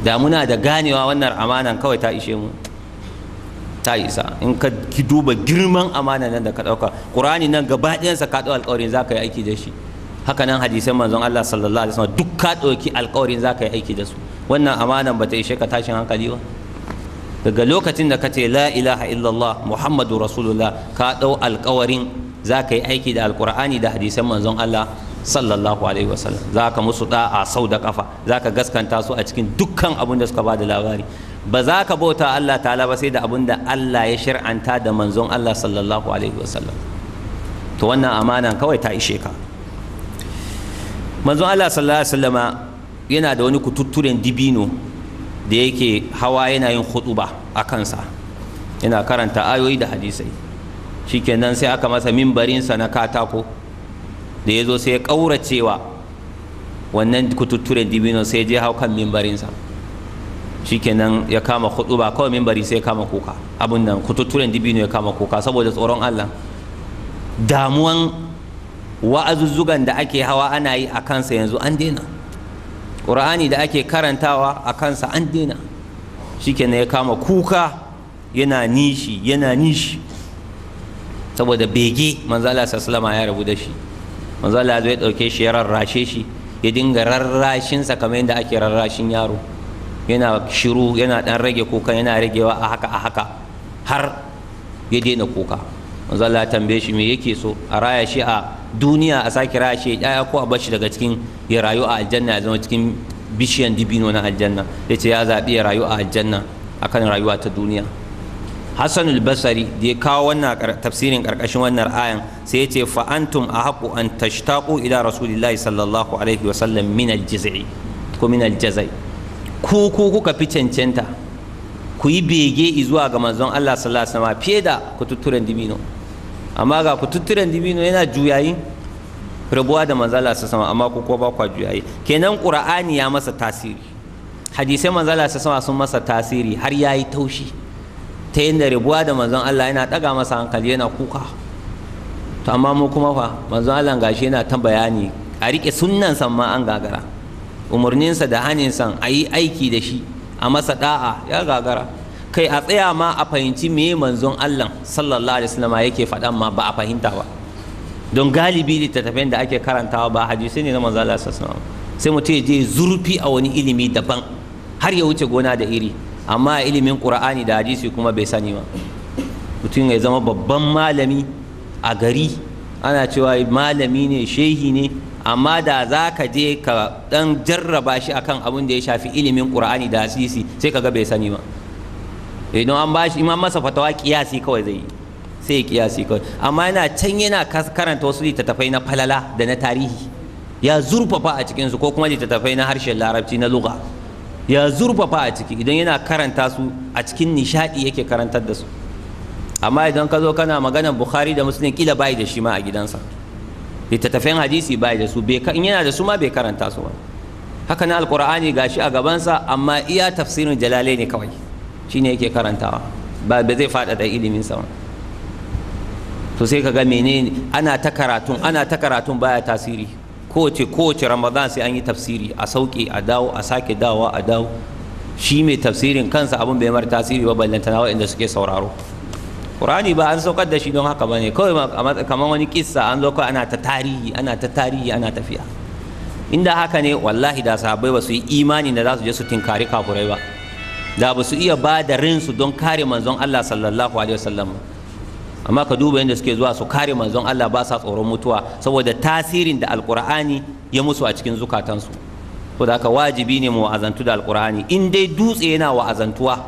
damuna da ganewa wannan amanan kawai ta ishe mu ta isa in ka duba girman amanan nan da ka ɗauka ƙurani nan gaba ɗayansa ka ɗau alƙawarin za ka yi aiki da shi haka nan hadisan manzon Allah sallallahu alaihi wasallam duk ka ɗauki alƙawarin za ka yi aiki da su wannan amanan ba ta ishe ka tashin hankali ba daga lokacin da ka ce la ilaha illallah muhammadu rasulullah ka ɗau alƙawarin za ka yi aiki da alƙur'ani da hadisan manzon Allah sallallahu alaihi wasallam za ka musu da'a sau da kafa za ka gaskanta su a cikin dukkan abin da suka ba da labari ba za ka bauta Allah ta'ala ba sai da abin da Allah ya shir'anta da manzon Allah sallallahu alaihi wasallam to wannan amanan kawai ta ishe ka manzon Allah sallallahu alaihi wasallama yana da wani kututturen dibino da yake hawa yana yin khutuba a kansa yana karanta ayoyi da hadisai shikenan sai aka masa mimbarinsa na katako da ya zo sai ya ƙauracewa wannan kututturen dibino sai je hau kan mimbarinsa shikenan ya kama khutuba kawai mimbari sai ya kama kuka abin nan kututturen dibino ya kama kuka saboda tsoron Allah damuwan wa'azuzzugan da ake hawa ana yi a kansa yanzu an daina ƙur'ani da ake karantawa a kansa an daina shikenan ya kama kuka yana nishi yana nishi saboda bege manzala sallama ya rabu da shi manzala zai ɗauke shi ya rarrashe shi ya dinga rarrashinsa kamar yadda ake rarrashin yaro yana shiru yana ɗan rage kuka yana ragewa a haka a haka har ya daina kuka manzala tambaye shi me yake so a raya shi a duniya a sake shi ya ko a bashi daga cikin ya rayu a aljanna ya zama cikin bishiyan dibino na aljanna ya ce ya zaɓi ya rayu a aljanna akan rayuwa ta duniya hassanul basari da ya kawo wannan tafsirin karkashin wannan ayan sai ya ce fa'antum a ahaqu an tashtaƙo ila rasulillahi sallallahu alaihi wa sallam min aljizai ko min aljazai ku ku kuka fi cancanta ku yi bege zuwa ga manzon Allah sallallahu alaihi wa sallam fiye da kututturen dibino amma ga kututturen dibino yana juyayi rabuwa da manzala sa sama amma ko ba kwa juyayi kenan qur'ani ya masa tasiri hadisai manzala sa sama sun masa tasiri har yayi taushi ta yadda rabuwa da manzon Allah yana daga masa hankali yana kuka to amma mu kuma fa manzon Allah gashi yana ta bayani a rike sunnan san ma an gagara umarninsa da haninsa a yi aiki da shi a masa da'a ya gagara kai a tsaya ma a fahimci me manzon Allah sallallahu alaihi wasallam yake faɗan ma ba a fahimta ba don galibi littattafan da ake karantawa ba hadisi ne na manzon Allah sallallahu alaihi wasallam sai mutum ya je zurfi a wani ilimi daban har ya wuce gona da iri amma ilimin qur'ani da hadisi kuma bai sani ba mutum ya zama babban malami a gari ana cewa malami ne shehi ne amma da za ka je ka dan jarraba shi akan abin da ya shafi ilimin qur'ani da hadisi sai kaga bai sani ba idan eh, an bashi shi an masa fatawa kiyasi kawai zai yi sai ya kiyasi kawai amma yana can yana karanta wasu littattafai na falala da na tarihi ya zurfafa a cikinsu ko kuma littattafai na harshen larabci na luga ya zurfafa a ciki idan yana karanta su a cikin nishadi yake karantar da su amma idan ka zo kana maganar bukhari da muslim kila bai da shi ma a gidansa littattafan hadisi bai da su in yana da su ma bai karanta su ba haka na alkur'ani gashi a gabansa amma iya tafsirin jalalai ne kawai shine yake karantawa ba ba zai da ilimin sa to sai ka ga menene ana ta karatun ana ta karatun baya tasiri kowace kowace ramadan sai an yi tafsiri a sauke a dawo a sake dawo a dawo shi mai tafsirin kansa abin bai mara tasiri ba ballantana waɗanda suke sauraro Qur'ani ba an saukar da shi don haka bane kawai kamar wani kissa an zo kawai ana ta tarihi ana ta tarihi ana tafiya inda haka ne wallahi da sahabbai ba su yi imani da za su je su tinkari kafurai ba da ba su iya ba da rinsu don kare manzon Allah sallallahu alaihi wasallam amma ka duba yadda suke zuwa su kare manzon Allah ba sa tsoron mutuwa saboda tasirin da alkur'ani ya musu a cikin zukatansu Ko da haka wajibi ne mu wa'azantu da alkur'ani in dai dutse yana wa'azantuwa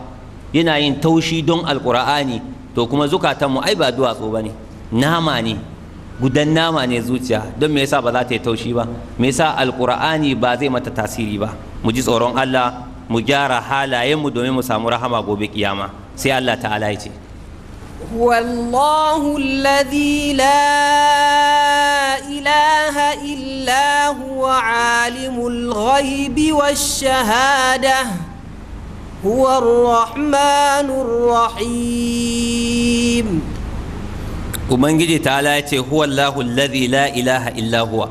yana yin taushi don alkur'ani to kuma zukatanmu ai ba duwatsu ba ne nama ne gudan nama ne zuciya don me yasa ba za ta yi taushi ba me yasa alkur'ani ba zai mata tasiri ba mu ji tsoron Allah mu حالا يمو دومي مسامو رحمة قوبي قياما سي الله تعالى يتي ya ce والله الذي لا إله إلا هو عالم الغيب والشهادة هو الرحمن الرحيم ومن جدي تعالى هو الله الذي لا إله إلا هو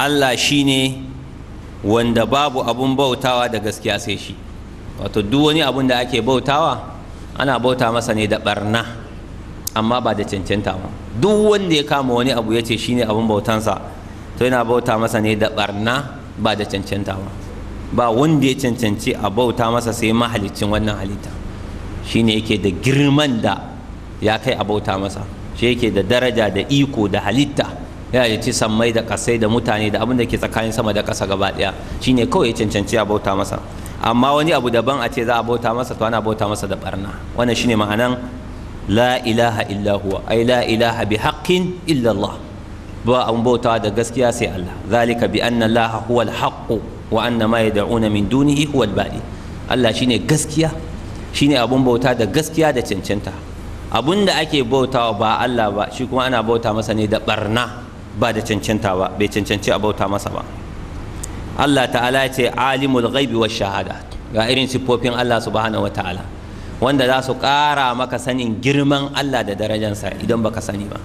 الله شيني wanda babu abun bautawa da gaskiya sai shi wato duk wani abun da ake bautawa ana bauta masa ne da barna amma ba da cancanta ba duk wanda ya kama wani abu ya ce shi ne abun bautansa to yana bauta masa ne da barna ba da cancanta ba ba wanda ya cancanci a bauta masa sai mahalicin wannan halitta shi ne yake da girman da ya kai a bauta masa shi yake da daraja da iko da halitta Yana da ci sammai da kasai da mutane da abin da ke tsakanin sama da ƙasa gaba ɗaya shine kawai ya cancanci a bauta masa amma wani abu daban a ce za a bauta masa to ana bauta masa da barna wannan shine ma'anan la ilaha illa huwa ai la ilaha bi haqqin illa Allah ba an bautawa da gaskiya sai Allah zalika bi anna Allah huwa al-haqq wa anna ma yad'una min dunihi huwa al-badi Allah shine gaskiya shine abun bauta da gaskiya da cancanta abun da ake bautawa ba Allah ba shi kuma ana bauta masa ne da barna ba da cancanta ba bai cancanci a bauta masa ba Allah ta'ala ce alimul ghaibi wa shahada ga irin siffofin Allah subhanahu ta'ala. wanda za su ƙara maka sanin girman Allah da darajansa idan baka sani ba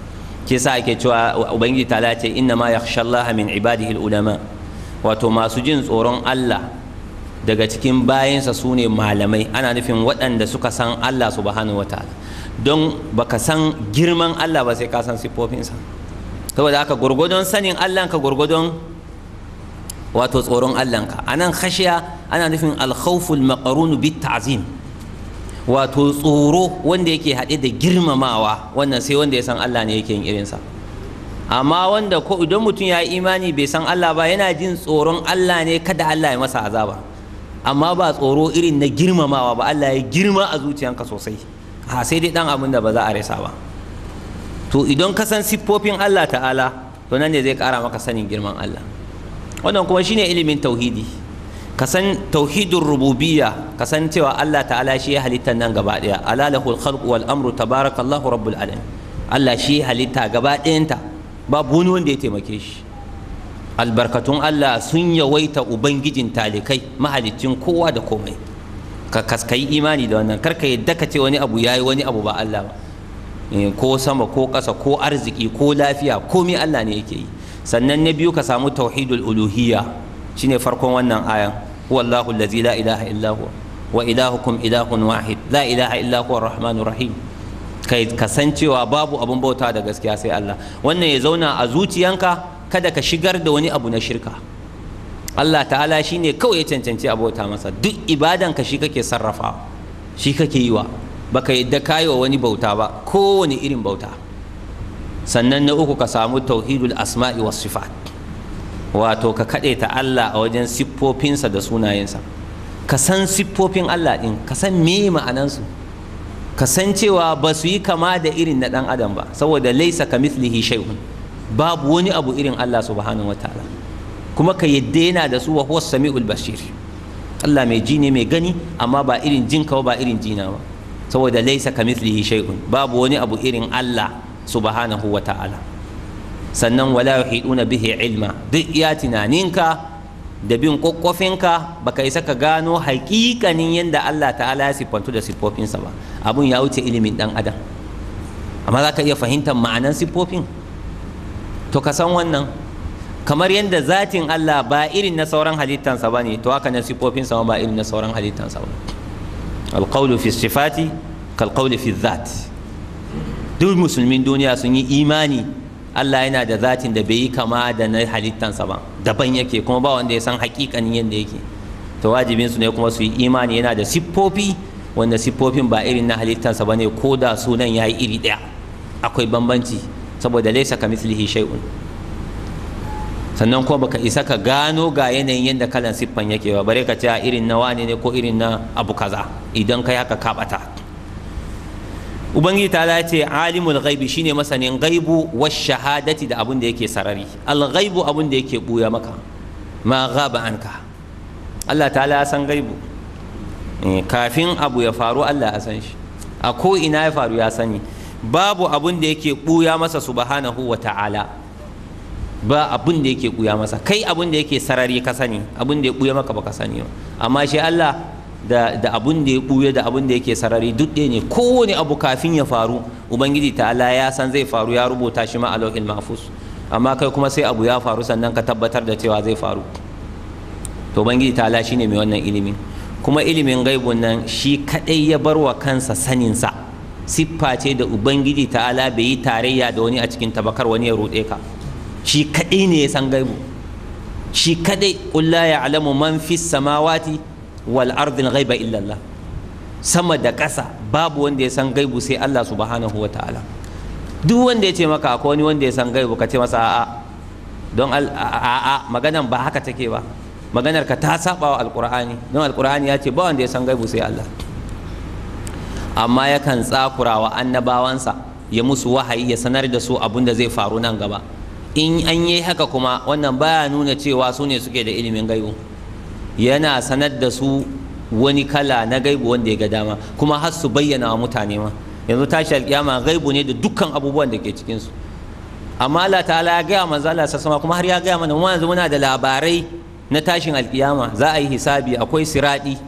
ke sa ake cewa ubangiji ta'ala ce inna ma yakhsha Allah min ibadihi ulama wato masu jin tsoron Allah daga cikin bayansa sune malamai ana nufin waɗanda suka san Allah subhanahu ta'ala. don baka san girman Allah ba sai ka san siffofinsa saboda haka gurgudun sanin allahnka gurgudun wato tsoron allahnka a nan khashiya ana nufin alkhawful maqarunu bit ta'zim wato tsoro wanda yake haɗe da girmamawa wannan sai wanda ya san allah ne yake yin irinsa amma wanda ko idan mutum ya yi imani bai san allah ba yana jin tsoron allah ne kada allah ya masa azaba amma ba tsoro irin na girmamawa ba allah ya girma a zuciyanka sosai ha sai dai dan abin da ba za a rasa ba to idan ka san siffofin Allah ta'ala to nan ne zai kara maka sanin girman Allah wannan kuma shine ilimin tauhidi ka san tauhidin rububiyya ka san cewa Allah ta'ala shi ya halitta nan gaba daya ala lahul khalq wal amru tabarakallahu rabbul alamin Allah shi ya halitta gaba babu wani wanda ya taimake shi albarkatun Allah sun yawaita ubangijin talikai mahalicin kowa da komai ka kaskai imani da wannan karka yadda ka ce wani abu yayi wani abu ba Allah ba Eh, ko sama ko ƙasa ko arziki ko lafiya mai Allah ne yake yi sannan na biyu ka samu tauhidul uluhiyya shine farkon wannan ayan wallahu allazi la ilaha illa huwa wa ilahukum ilahun wahid la ilaha illa huwa arrahmanur rahim kai kasancewa babu abun bauta da gaskiya sai Allah wannan ya zauna a zuciyanka kada ka shigar da wani abu na shirka Allah ta'ala shine kawai ya cancanci abota masa duk ibadan ka shi kake sarrafa shi kake yi wa baka yadda kayi wa wani bauta ba kowane irin bauta sannan na uku ka samu tauhidul asma'i was sifat wato ka ta Allah a wajen siffofinsa da sunayensa ka san siffofin Allah din ka san me ma'anansu ka san cewa ba su yi kama da irin na dan adam ba saboda laisa ka mithlihi shay'un babu wani abu irin Allah subhanahu wataala kuma ka yadda yana da su wa huwa samiul basir Allah mai ji ne mai gani amma ba irin jinka ba irin jina ba saboda laisa mislihi shay'un babu wani abu irin Allah subhanahu wa ta'ala sannan wala yuhiduna bihi ilma duk iya tunaninka da bin ka baka isa ka gano hakikanin yadda Allah ta'ala ya siffantu da siffofinsa ba abun ya wuce ilimin dan adam amma za iya fahimtar ma'anan siffofin to ka san wannan kamar yadda zatin Allah ba irin na sauran halittansa ba ne to haka na siffofinsa ba irin na sauran halittansa ba alƙaulu fi sifati kalƙaulu fi zat duk musulmin duniya sun yi imani Allah yana da zatin da bai yi kama da na halittansa ba daban yake kuma ba wanda ya san hakikanin yadda yake ta wajibinsu su ne kuma su yi imani yana da siffofi wanda siffofin ba irin na halittansa ba ne ko da sunan ya yi iri ɗaya akwai bambanci saboda laisa ka mislihi sannan kuma baka isa ka gano ga yanayin yadda kalan siffan yake ba bare ka ce irin na wane ne ko irin na abu kaza idan kai haka ka bata ubangiji ta ce alimul ghaibi shine masanin ghaibu wa shahadati da abun da yake sarari al ghaibu abun da yake buya maka ma ghaba anka Allah ta ya san ghaibu eh, kafin abu ya faru Allah ya san shi a ko ina ya faru ya sani babu abun da yake buya masa subhanahu wa ta'ala ba abin da yake buya masa kai abin da yake sarari ka sani abin da ya buya maka baka sani ba amma shi Allah da abin da ya da abin da yake sarari duk ɗaya ne kowane abu kafin ya faru ubangiji ta Allah ya san zai faru ya rubuta shi ma a lokacin mahfuz amma kai kuma sai abu ya faru sannan ka tabbatar da cewa zai faru to ubangiji ta Allah shine mai wannan ilimi. kuma ilimin gaibun nan shi kadai ya bar wa kansa saninsa siffa ce da ubangiji ta'ala bai yi tarayya da wani a cikin tabakar wani ya ruɗe ka shi kadai ne ya san gaibu shi kadai qul ya ya'lamu man fis samawati wal ardi ghaiba illallah sama da ƙasa babu wanda ya san gaibu sai Allah subhanahu wa ta'ala duk wanda ya ce maka akwai wani wanda ya san gaibu ka ce masa a'a don a'a maganar ba haka take ba maganar ka ta saba wa Alƙur'ani don Alƙur'ani ya ce ba wanda ya san gaibu sai Allah amma yakan tsakura wa annabawansa ya musu wahayi ya sanar da su abin da zai faru nan gaba in an yi haka kuma wannan baya nuna cewa su ne suke da ilimin gaibu yana sanar da su wani kala na gaibu wanda ya ga dama kuma har su bayyana wa mutane ma yanzu tashi alkiyama gaibu ne da dukkan abubuwan da ke cikin su amma Allah ta'ala ya gaya manzo Allah sassama kuma har ya gaya mana mu yanzu muna da labarai na tashin alkiyama za a yi hisabi akwai siradi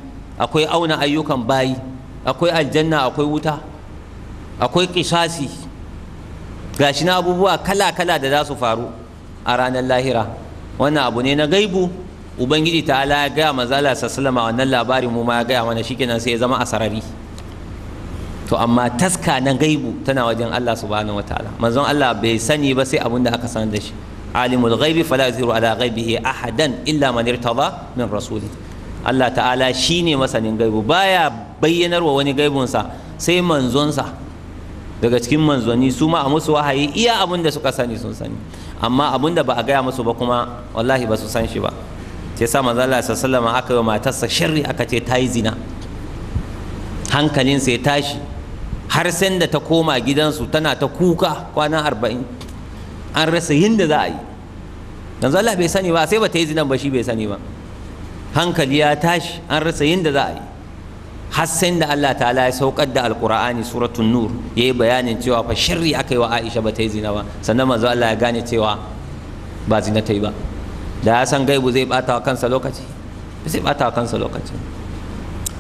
akwai auna ayyukan bayi akwai aljanna akwai wuta akwai kisasi gashi na abubuwa kala-kala da za su faru a ranar lahira wannan abu ne na gaibu ubangiji ta ala ya gaya manzala sassalama wannan labarin mu ma ya gaya mana shikenan sai ya zama a sarari to amma taska na gaibu tana wajen Allah subhanahu wataala manzon Allah bai sani ba sai abin da aka sanar da shi alimul ghaibi fala yuziru ala ghaibihi ahadan illa man irtada min rasuli Allah ta'ala shine masanin gaibu baya bayyanarwa wani gaibunsa sai manzonsa daga cikin manzanni su ma a musu wahayi iya abin da suka sani sun sani amma abin da ba a gaya musu ba kuma wallahi ba su san shi ba ce sa manzo Allah sallallahu alaihi aka yi matarsa sharri aka ce ta yi zina hankalin sai tashi har sai da ta koma gidansu tana ta kuka kwana arba'in an rasa yinda za a yi yanzu Allah bai sani ba sai ba ta yi zinan ba shi bai sani ba hankali ya tashi an rasa yinda za a yi har sai da Allah ta'ala ya saukar da alqur'ani suratun nur ya yi bayanin cewa fa shirri aka yi wa Aisha ba ta yi zina ba sannan manzo Allah ya gane cewa ba zina ta yi ba da ya san gaibu zai bata wa kansa lokaci zai bata wa kansa lokaci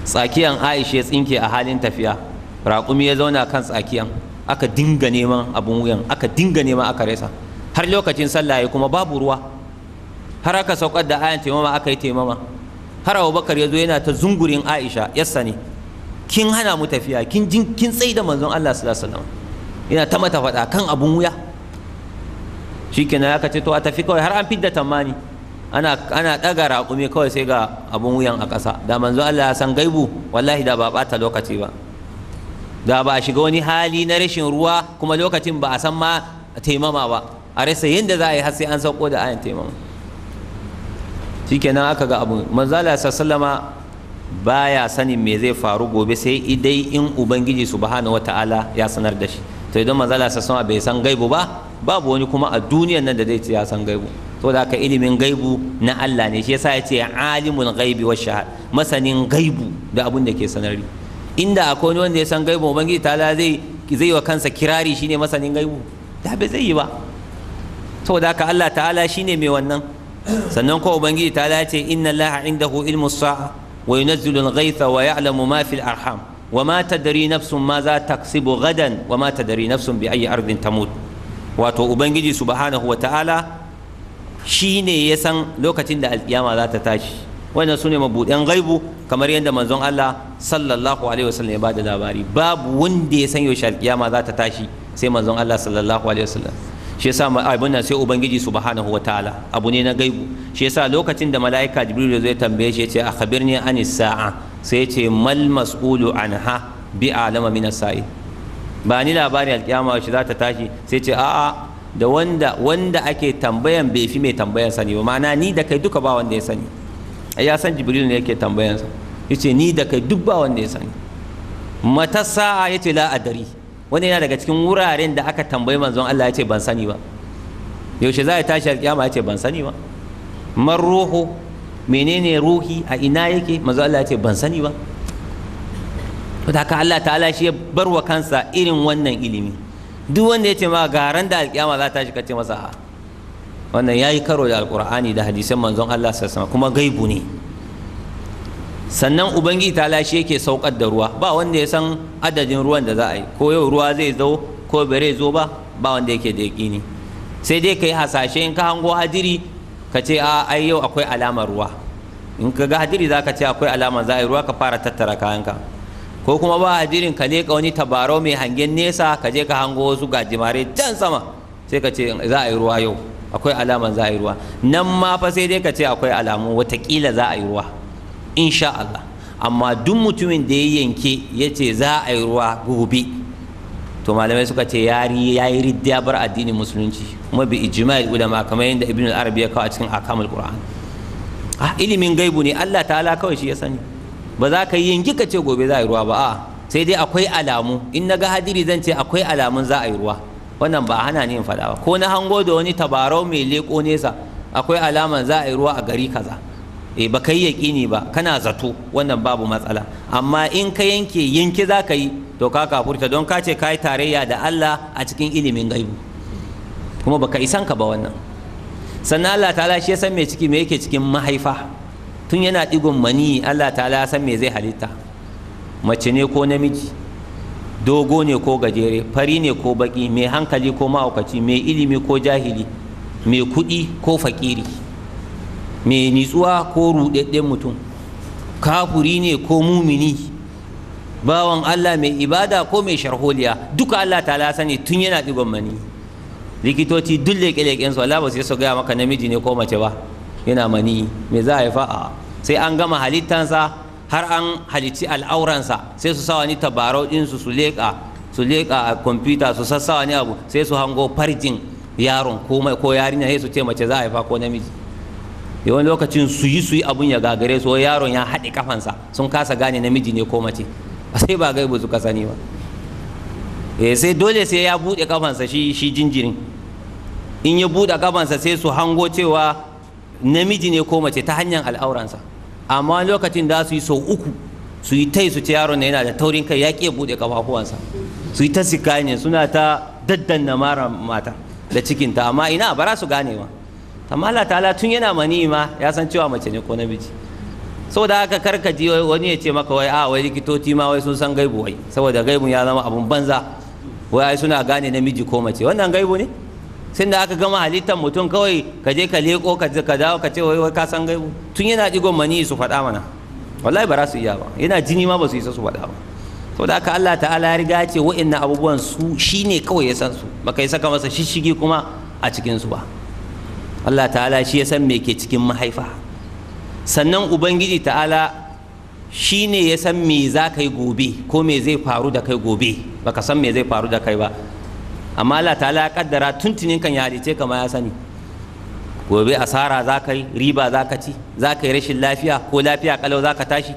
tsakiyan Aisha ya tsinke a halin tafiya raƙumi ya zauna kan tsakiyan aka dinga neman abun wuyan aka dinga neman aka resa har lokacin sallah kuma babu ruwa har aka saukar da ayan taimama aka yi taimama har abubakar ya zo yana ta zungurin aisha yassa ne kin hana mu tafiya kin jin kin tsaye da manzon Allah sallallahu alaihi wasallam yana ta mata faɗa kan abun wuya shikenan aka ce to a tafi kawai har an fidda tamani ana ana daga raƙumi kawai sai ga abun wuyan a ƙasa da manzon Allah ya san gaibu wallahi da ba ɓata lokaci ba da ba a shiga wani hali na rashin ruwa kuma lokacin ba a san ma taimama ba a rasa yadda za a yi har sai an sauko da ayan taimama shikenan aka ga abu manzala sallama ya sanin me zai faru gobe sai idai in ubangiji su wa wataala ya sanar da shi to idan manzala sallama bai san gaibu ba babu wani kuma a duniyan nan da zai ce ya san gaibu to da ka ilimin gaibu na Allah ne shi yasa ya ce alimun gaibi wa shahad masanin gaibu da abun da ke sanari inda akwai wani wanda ya san gaibu ubangiji ta zai zai wa kansa kirari shine masanin gaibu da bai zai yi ba da haka Allah ta'ala shine mai wannan sannan ko ubangiji ta lace inna allaha indahu ilmu sa'a wa yunazzilu al-ghaytha wa ya'lamu ma fil arham wa ma tadri nafsun ma za taksibu gadan wa ma tadri nafsun bi ayi ardin tamut wato ubangiji subhanahu wa ta'ala shine ya san lokacin da alkiyama za ta tashi wannan su ne mabuɗin gaibu kamar yadda manzon Allah sallallahu alaihi wasallam ya bada labari babu wanda ya san yaushe alkiyama za ta tashi sai manzon Allah sallallahu alaihi wasallam shi yasa abin nan sai ubangiji subhanahu ta'ala abu ne na gaibu shi yasa lokacin da mala'ika jibril zai tambaye shi yace akhbirni anis sa'a sai yace mal mas'ulu anha bi alama min sa'i ba ni labarin alkiyama shi za ta tashi sai ce a'a da wanda wanda ake tambayan bai fi mai tambayan sani ba ma'ana ni da kai duka ba wanda ya sani ya san jibril ne yake tambayan sa yace ni da kai duk ba wanda ya sani mata sa'a yace la adari wanda yana daga cikin wuraren da aka tambayi manzon Allah ya ce ban sani ba yaushe za a tashi alkiyama ya ce ban sani ba man ruhu menene ruhi a ina yake manzon Allah ya ce ban sani ba haka Allah ta'ala shi ya bar wa kansa irin wannan ilimi duk wanda ya ce ma garan da alkiyama za ta ka ce masa a wannan ya yi karo da alkur'ani da hadisan manzon Allah wasallam kuma gaibu ne sannan ubangiji ta lashe yake saukar da ruwa ba wanda ya san adadin ruwan da za a yi ko yau ruwa zai zo ko bare zo ba ba wanda yake da yaƙini sai dai ka yi hasashe in ka hango hadiri ka ce a ai yau akwai alamar ruwa in ka ga hadiri za ka ce akwai alamar za a yi ruwa ka fara tattara kayanka ko kuma ba hadirin ka leƙa wani tabaro mai hangen nesa ka je ka hango wasu gajimare can sama sai ka ce za a yi ruwa yau akwai alamar za a yi ruwa nan ma fa sai dai ka ce akwai alamu watakila za a yi ruwa insha Allah amma duk mutumin da ya yanke ya ce za a yi ruwa gobe to malamai suka ce yari ya yi riddiya bar addinin musulunci kuma bi ijma'il ulama kamar yadda ibn al-arabi ya kawo a cikin akamul qur'an A ah, ilimin gaibu ne Allah ta'ala kawai shi ya sani ba za ka yi yanki ka ce gobe za a yi ruwa ba a sai dai akwai alamu in na ga hadiri zan ce akwai alamun za a yi ruwa wannan ba hana ni in faɗa ba ko na hango da wani tabarau mai leko nesa akwai alaman za a yi ruwa a gari kaza eh ba ya yaƙini ba kana zato wannan babu matsala amma in ka yanke yanke za ka yi to ka kafurta don ka ce ka yi tarayya da Allah a cikin ilimin gaibu kuma baka isan ka ba wannan sannan Allah ta'ala shi san me ciki mai yake cikin mahaifa tun yana ɗigon mani Allah ta'ala ya san me zai halitta mace ne ko namiji dogo ne ko gajere fari ne ko baki mai hankali ko ma'aukaci mai ilimi ko jahili mai kuɗi ko fakiri mai nitsuwa ko ruɗaɗɗen mutum kafuri ne ko mumini bawan Allah mai ibada ko mai sharholiya duka Allah ta sani tun yana ɗigon mani likitoci duk leƙe-leƙen su Allah ba su gaya maka namiji ne ko mace ba yana mani me za a yi a sai an gama halittansa har an halitti al'auransa sai su sawa ni tabarau ɗinsu su leƙa su leƙa a kwamfuta su sassawa ni abu sai su hango farjin yaron ko yarinya sai su ce mace za a yi haifa ko namiji ya wani lokacin su yi su yi abun ya gagare su yaron ya haɗe kafansa sun kasa gane namiji ne ko mace sai ba gaibu su ka sani ba eh, sai dole sai ya buɗe kafansa shi shi jinjirin in ya buɗe kafansa sai su hango cewa namiji ne ko mace ta hanyar al'auransa amma lokacin da su yi sau uku su yi tai su ce yaron yana da taurin kai ya ke buɗe kafafuwansa su yi ta sikane suna ta daddanna mara mata da cikinta amma ina ba su gane ba amma Allah ta'ala tun yana mani ma ya san cewa mace ne ko namiji saboda haka karka ji wani ya ce maka wai a ah, wai likitoci ma wai sun san gaibu wai saboda gaibun ya zama abun banza wai ai suna gane namiji ko mace wannan gaibu ne sun da aka gama halittar mutum kawai ka je ka leko ka ka dawo ka ce wai wai ka san gaibu tun yana digon mani su faɗa mana wallahi ba za su iya ba yana jini ma ba su isa su faɗa ba saboda haka Allah ta'ala ya riga ce wa'annan abubuwan su shine kawai ya san su baka yi saka masa shishigi kuma a cikin su ba Allah ta'ala shi ya san me ke cikin mahaifa sannan ubangiji ta'ala shi ne ya san me za ka yi gobe ko me zai faru da kai gobe baka san me zai faru da kai ba amma Allah ta'ala ya kaddara tuntunin kan ya halice ya sani gobe asara za ka yi riba za ka ci za ka yi rashin lafiya ko lafiya kalau za ka tashi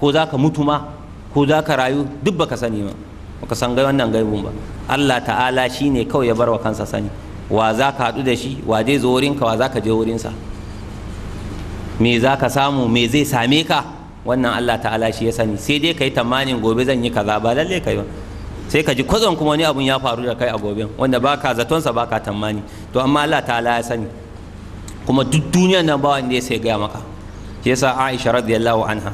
ko za ka mutu ma ko za ka rayu duk baka sani ba baka san gai wannan gaibun ba Allah ta'ala shi ne kawai ya bar wa kansa sani wa za ka haɗu da shi wa zai zo wurinka wa za ka je wurinsa me za ka samu me zai same ka wannan allah ta'ala shi ya sani sai dai ka yi tamanin gobe zan yi kaza ba lalle ka yi sai ka ji kwazon kuma wani abun ya faru da kai a gobe wanda ba ka zatonsa ba ka tamani to amma allah ta'ala ya sani kuma duk duniyan nan ba wanda ya sai gaya maka Ya sa aisha radiyallahu anha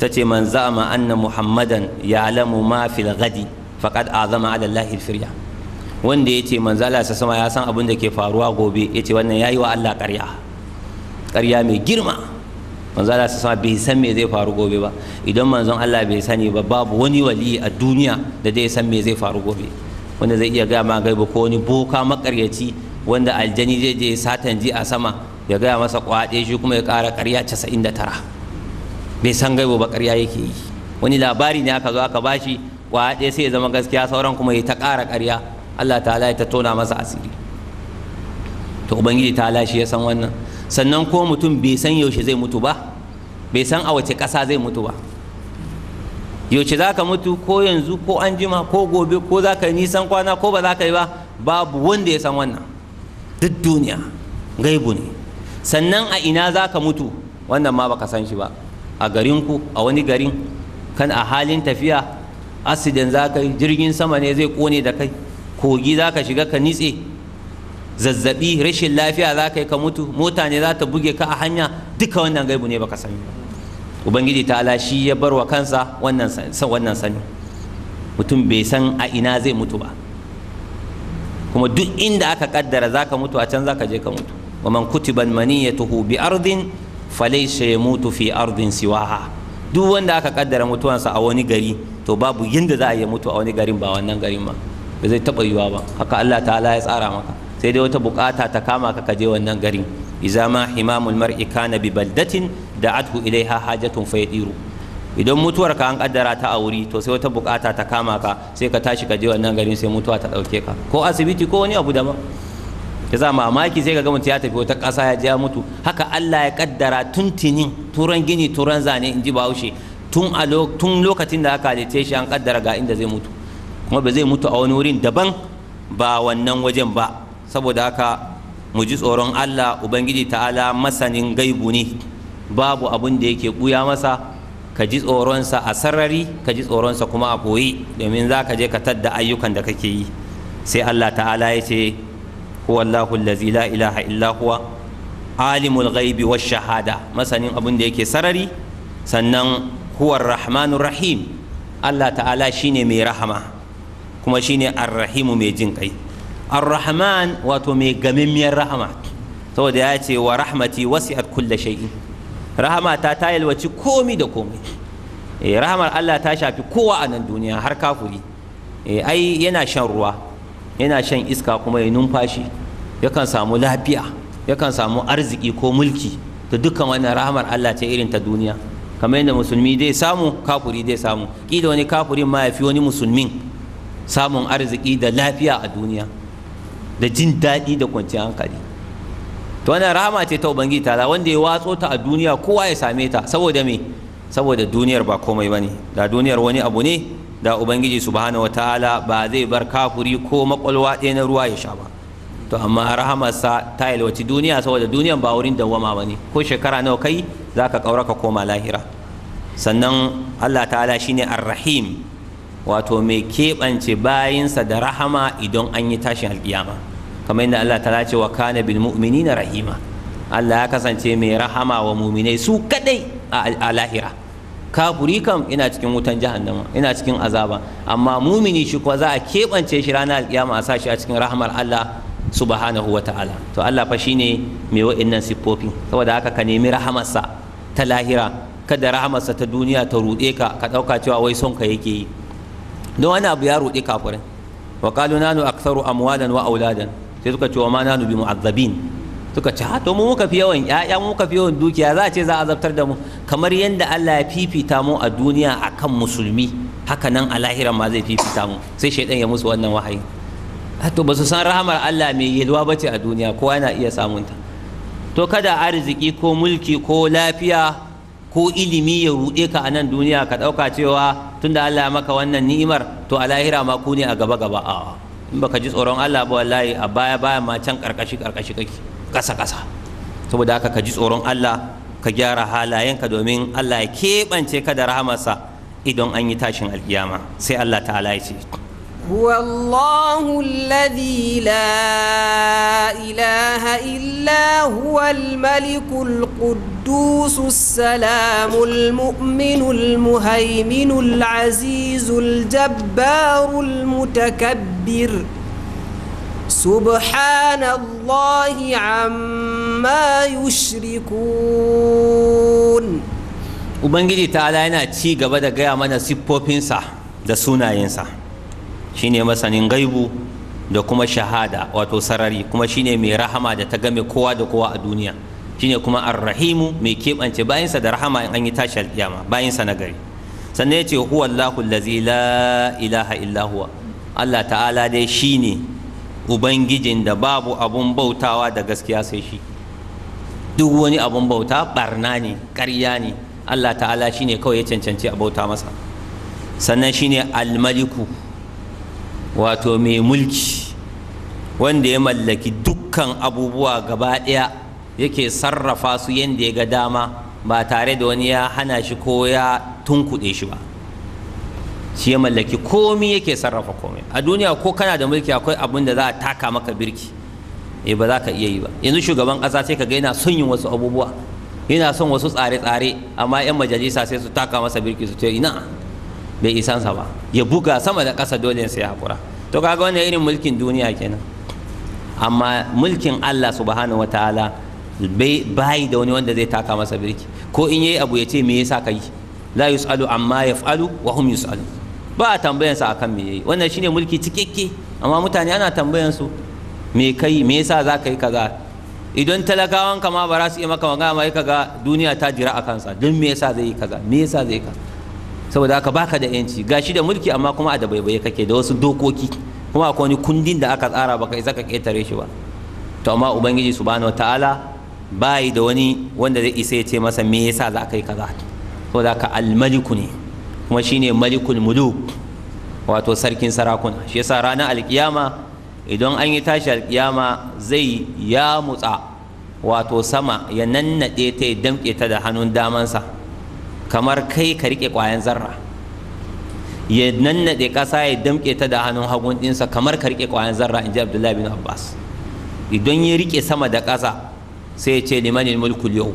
ta ce man za'ama anna muhammadan ya'lamu ma fil gadi? faqad azama ala allahi firya wanda ya ce manzala sa sama ya san abin da ke faruwa gobe ya ce wannan ya yi wa Allah ƙarya ƙarya mai girma manzala sa sama bai san me zai faru gobe ba idan manzon Allah bai sani ba babu wani wali a duniya da zai san me zai faru gobe wanda zai iya gaya ma gaiba ko wani boka makaryaci wanda aljani zai je satan ji a sama ya gaya masa kwaɗe shi kuma ya ƙara ƙarya casa'in da tara bai san gaiba ba ƙarya yake yi wani labari ne aka zo aka bashi kwaɗe sai ya zama gaskiya sauran kuma ya ta ƙara ƙarya Allah ta'ala ya tattauna masa asiri to ubangiji ta shi ya san wannan sannan ko mutum bai san yaushe zai mutu ba bai san a wace ƙasa zai mutu ba yaushe za ka mutu ko yanzu ko an jima ko gobe ko za ka nisan kwana ko ba za ka yi ba babu wanda ya san wannan duk duniya gaibu ne sannan a ina za ka mutu wannan ma baka san shi ba a garin ku, a wani garin kan a halin tafiya asidan za ka yi jirgin sama ne zai kone da kai kogi za ka shiga ka nitse zazzabi rashin lafiya za ka yi ka mutu mota ne za ta buge ka a hanya duka wannan gaibu ne baka sani ubangiji ta shi ya bar wa kansa wannan sani mutum bai san a ina zai mutu ba kuma duk inda aka kaddara za ka mutu a can za ka je ka mutu wa man kutiban maniyatuhu bi ardin ya mutu fi ardin siwaha duk wanda aka kaddara mutuwansa a wani gari to babu yinda za a yi mutu a wani garin ba wannan garin ba ba zai taba yiwa ba haka Allah ta'ala ya tsara maka sai dai wata bukata ta kama ka kaje wannan garin iza ma himamul mar'i kana bi baldatin da'athu ilaiha hajatun fayadiru idan mutuwar ka an kaddara ta a wuri to sai wata bukata ta kama ka sai ka tashi kaje wannan garin sai mutuwa ta dauke ka ko asibiti ko wani abu daban ya za mamaki sai ka ga gama ya tafi wata ƙasa ya je ya mutu haka Allah ya kaddara tuntinin turan gini turan zane in ji bahaushe tun lokacin da aka halitta shi an kaddara ga inda zai mutu kuma ba zai mutu a wani wurin daban ba wannan wajen ba saboda haka mu ji tsoron Allah ubangiji ta'ala masanin gaibu ne babu abin da yake buya masa ka ji tsoronsa a sarari ka ji tsoronsa kuma a koyi domin za ka je ka tadda ayyukan da kake yi sai Allah ta'ala ya ce huwallahu allazi la ilaha illa huwa alimul ghaibi wash shahada masanin abin da yake sarari sannan huwar rahmanur rahim Allah ta'ala shine mai rahama kuma shine arrahimu mai jin kai arrahman wato mai gamimmiyar rahama saboda ya ce wa rahmati wasi'at kulla shaii rahama ta ta yalwaci komi da komai eh, rahamar Allah ta shafi kowa a nan duniya har kafuri eh ai yana shan ruwa yana shan iska kuma ya numfashi yakan samu lafiya yakan samu arziki ko mulki ta dukkan wannan rahamar Allah ce irin ta duniya kamar yadda musulmi zai samu kafuri zai samu kila wani kafurin ma ya fi wani musulmin samun arziki da lafiya a duniya da jin daɗi da kwanciyar hankali to wannan rahama ce ta ubangiji ta wanda ya watso ta a duniya kowa ya same ta saboda me saboda duniyar ba komai bane da duniyar wani abu ne da ubangiji subhanahu wataala ba zai bar kafuri ko makwalwa ɗaya na ruwa ya sha ba to amma rahamarsa ta yalwaci duniya saboda duniyan ba wurin dawwama ne ko shekara nawa kai zaka kaura ka koma lahira sannan Allah ta'ala shine arrahim wato mai keɓance bayinsa da rahama idan an yi tashin alƙiyama kamar yadda Allah ta ce wa kana bil mu'minina rahima Allah ya kasance mai rahama wa mu'minai su kadai a lahira kafuri kam ina cikin wutan jahannama ina cikin azaba amma mumini shi kuwa za a keɓance shi ranar alƙiyama a sa shi a cikin rahamar Allah subhanahu wa ta'ala to Allah fa shine mai wa'annan siffofi saboda haka ka nemi rahamarsa ta lahira kada rahamarsa ta duniya ta ruɗe ka ka ɗauka cewa wai son ka yake yi don wani abu ya ruɗe kafirin wa qalu nanu aktharu amwalan wa auladan sai suka ce wa ma nanu bi mu'azzabin suka ce to mu muka fi yawan ƴaƴa mu muka fi yawan dukiya za a ce za a azabtar da mu kamar yadda Allah ya fifita mu a duniya akan musulmi haka nan a lahiran ma zai fifita mu sai shaidan ya musu wannan wahayi to ba su san rahamar Allah mai yalwa bace a duniya kowa yana iya samunta to kada arziki ko mulki ko lafiya ko ilimi ya ruɗe ka a nan duniya ka ɗauka cewa tunda Allah ya maka wannan ni'imar to a lahira ma ku ne a gaba gaba a in baka ji tsoron Allah ba wallahi a baya baya ma can karkashi karkashi kake kasa ƙasa saboda haka ka ji tsoron Allah ka gyara halayenka domin Allah ya keɓance ka da rahamarsa idan an yi tashin alkiyama sai Allah ta'ala ya ce هو الله الذي لا إله إلا هو الملك القدوس القدوس السلام المؤمن المهيمن العزيز الجبار المتكبر سبحان الله عما يشركون ubangiji ta yana ci gaba da gaya mana siffofinsa da sunayensa shine masanin gaibu da kuma shahada wato sarari kuma shine mai rahama da ta game kowa da kowa a duniya shine kuma arrahimu mai keɓance bayansa da rahama in an yi tashi alƙiyama bayansa na gari sannan ya ce huwa allahu allazi la ilaha illa huwa allah ta'ala dai shine ubangijin da babu abun bautawa da gaskiya sai shi duk wani abun bauta barna ne ƙarya ne allah ta'ala shine kawai ya cancanci a bauta masa sannan shine almaliku wato mai mulki wanda ya mallaki dukkan abubuwa gaba ɗaya yake sarrafa su yadda ya ga dama ba tare da wani ya hana shi ko ya tunkuɗe shi ba shi ya mallaki komi yake sarrafa komai a duniya ko kana da mulki akwai abin da za a taka maka birki eh ba za ka iya yi ba yanzu shugaban ƙasa sai ka ga yana son yin wasu abubuwa yana son wasu tsare-tsare amma 'yan majalisa sai su taka masa birki su ce ina bai isansa ba ya buga sama da ƙasa dole sai haƙura to kaga wannan irin mulkin duniya kenan amma mulkin Allah subhanahu wataala bai da wani wanda zai taka masa birki ko in yayi abu ya ce me yasa kai la yusalu amma yaf'alu wa hum yusalu ba a tambayan sa akan me yayi wannan shine mulki cikakke amma mutane ana tambayan su me kai me yasa za ka yi kaza idan talakawan ka ma ba za su iya maka magana ma ga duniya ta jira a kansa don me yasa zai yi kaza me yasa zai ka saboda haka baka da yanci gashi da mulki amma kuma a da baibaye kake da wasu dokoki kuma akwai wani kundin da aka tsara baka isa ka ketare shi ba to amma ubangiji subhanahu wataala bayi da wani wanda zai isa ya ce masa me yasa za ka yi kaza to da ka almaliku ne kuma shine malikul muluk wato sarkin sarakuna shi yasa ranar alkiyama idan an yi tashi alkiyama zai ya mutsa wato sama ya nannade ta ya damƙe ta da hannun damansa kamar kai ka riƙe ƙwayan zarra ya nannade ƙasa ya damƙe ta da hannun hagun ɗinsa kamar ka riƙe ƙwayan zarra in ji abdullahi bin abbas idan ya riƙe sama da ƙasa sai ce limanin mulkul yau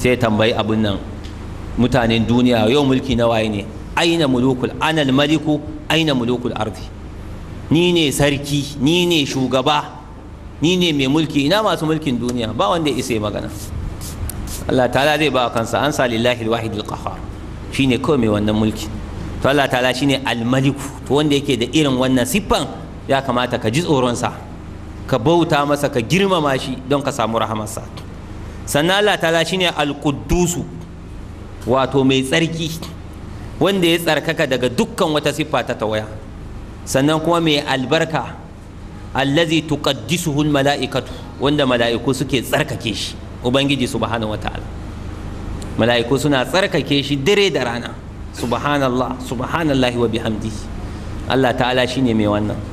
sai tambayi abun nan mutanen duniya yau mulki na waye ne aina mulukul anal maliku aina mulukul ardi ni ne sarki ni ne shugaba ni ne mai mulki ina masu mulkin duniya ba wanda ya isa magana Allah ta'ala zai ba kansa an sa lillahi alwahid alqahar shine kawai mai wannan mulki to Allah ta'ala shine almaliku to wanda yake da irin wannan siffan ya kamata ka ji tsoron sa ka bauta masa ka girmama shi don ka samu rahamarsa sannan Allah ta'ala shine alƙuddusu wato mai tsarki wanda ya tsarkaka daga dukkan wata siffa ta tawaya sannan kuma mai albarka allazi tuqaddisuhu malaikatu wanda mala'iku suke tsarkake shi ubangiji subhanahu wata'ala mala'iku suna tsarkake shi dare da rana subhanallah subhanallahi wa bihamdihi Allah ta'ala shine mai wannan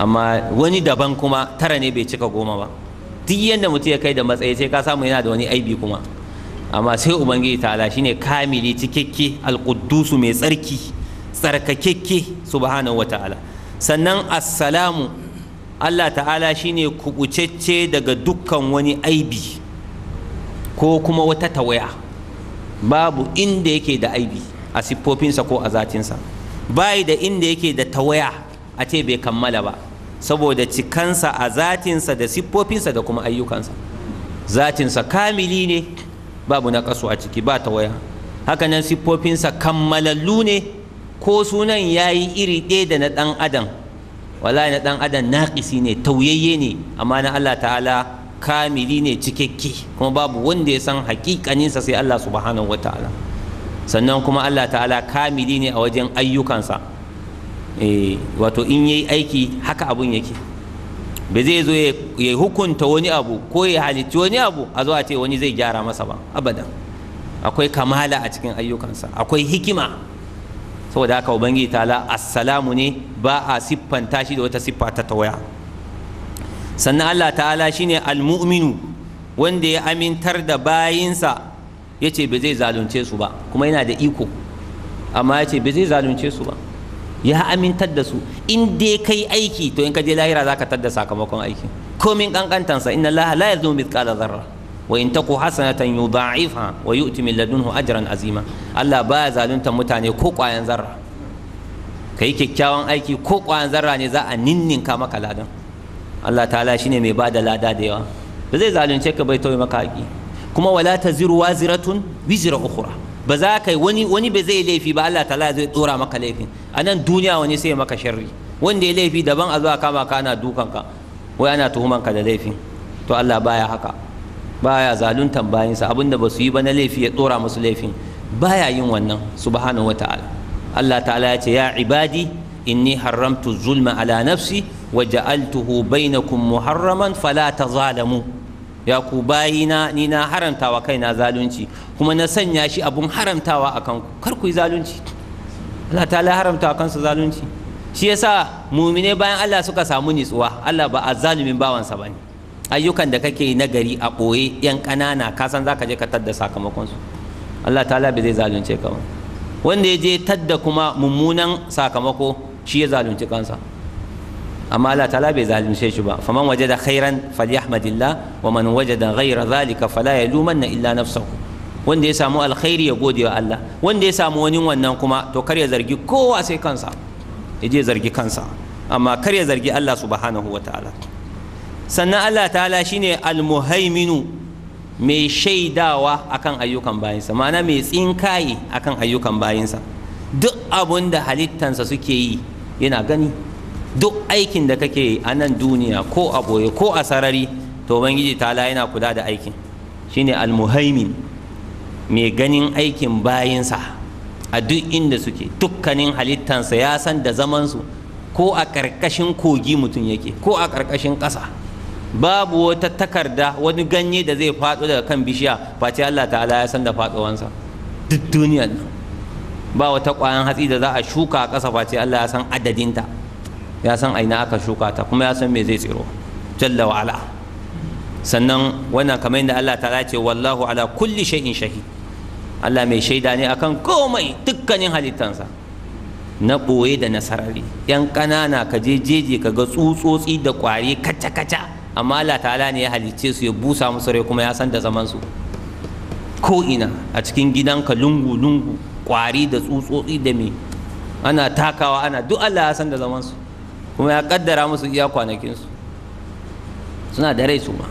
amma wani daban kuma tara ne bai cika goma ba duk yadda mutum ya kai da matsayi sai ka samu yana da wani aibi kuma amma sai ubangiji ta'ala shine kamili cikakke alquddusu mai tsarki tsarkakekke subhanahu wata'ala sannan assalamu Allah ta'ala shine kubucecce daga dukkan wani aibi ko kuma wata tawaya babu inda yake da aibi a siffofinsa ko a zatinsa bayi da inda yake da tawaya a ce bai kammala ba saboda cikansa a zatinsa da siffofinsa da kuma ayyukansa zatinsa kamili ne babu na kaso a ciki ba ta waya hakanan siffofinsa kammalallu ne ko sunan ya yi iri ɗaya da na ɗan adam wala na ɗan adam naƙisi ne tauyayye ne amma na allah ta'ala kamili ne cikakke kuma babu wanda ya san hakikaninsa sai allah subhanahu wa ta'ala sannan kuma allah ta'ala kamili ne a wajen ayyukansa Eh, wato in yayi aiki haka abun yake ba zai zo ya hukunta wani abu ko ya halicci wani abu a zo a ce wani zai gyara masa ba abadan akwai kamala a cikin ayyukansa akwai hikima saboda haka ubangiji ta'ala assalamu ne ba a siffanta shi da wata siffa ta tawaya sannan Allah ta'ala shine almu'minu wanda ya amintar da bayinsa yace ba zai zalunce su ba kuma yana da iko amma yace ba zai zalunce su ba ya amintar da su in dai kai aiki to in ka je lahira zaka tadda sakamakon aiki komin kankantansa inna allaha la yazlimu mithqala dharra wa in taku hasanatan yudha'ifha wa yu'ti min ladunhu ajran azima Allah baya zalunta mutane ko kwayan zarra kai kyakkyawan aiki ko kwayan zarra ne za a ninninka maka ladan Allah ta'ala shine mai bada lada da yawa ba zai zalunce ka bai tauye maka aiki. kuma wala taziru waziratun wizra ukhra ba za ka wani wani ba zai laifi ba Allah ta'ala zai tsora maka laifin a nan duniya wani sai maka sharri wanda ya laifi daban a zuwa kama ka ana dukanka wai ana ka da laifin to Allah baya haka baya zaluntan bayinsa abinda ba su yi ba na laifi ya tsora musu laifin baya yin wannan subhanahu wata'ala Allah ta'ala ya ce ya ibadi inni haramtu zulma ala nafsi wa ja'altuhu bainakum muharraman fala tazalamu ya ku bayina ni na haramtawa kaina zalunci kuma na sanya shi abun haramtawa a ku kar ku yi zalunci Allah ta la haramta kansu zalunci shi yasa mumine bayan Allah suka samu nitsuwa Allah ba a zalumin bawansa ba ne. ayyukan da kake yi nagari a ɓoye yan ƙanana ka san zaka je ka tadda sakamakon su Allah ta bai zai zalunce ka wanda ya je tadda kuma mummunan sakamako shi ya zalunci kansa amma Allah ta'ala bai zalunce shi ba faman wajada khairan falyahmadillah wa man wajada ghayra zalika fala yalumanna illa nafsahu wanda ya samu alkhairi ya gode wa Allah wanda ya samu wani wannan kuma to kar ya zargi kowa sai kansa ya je zargi kansa amma kar ya zargi Allah subhanahu wataala sannan Allah ta'ala shine almuhaiminu mai shaidawa akan ayyukan bayinsa ma'ana mai tsinkaye akan ayyukan bayinsa duk abun da halittansa suke yi yana gani duk aikin da kake yi a nan duniya ko a boye ko a sarari to ubangiji ta'ala yana kula da aikin shine almuhaimin mai ganin aikin bayinsa a duk inda suke dukkanin halittansa ya san da zamansu ko a ƙarƙashin kogi mutum yake ko a ƙarƙashin ƙasa babu wata takarda wani ganye da zai faɗo daga kan bishiya face Allah ta'ala ya san da faɗowansa duk duniyar ba wata ƙwayan hatsi da za a shuka a ƙasa face Allah ya san adadinta ya san aina aka shuka ta kuma ya san me zai tsiro jalla wa ala sannan wannan kamar yadda Allah ta ce wallahu ala kulli shay'in shahid Allah mai shaida ne akan komai dukkanin halittansa na boye da nasarari yan ƙanana ka je jeje ka ga tsutsotsi da ƙwari kaca kaca amma Allah ta'ala ne ya halicce su ya busa musu rai kuma ya san da zaman su ko ina a cikin gidanka lungu lungu ƙwari da tsutsotsi da me ana takawa ana duk Allah ya san da zaman su kuma ya kaddara musu iya kwanakinsu suna da rai su ma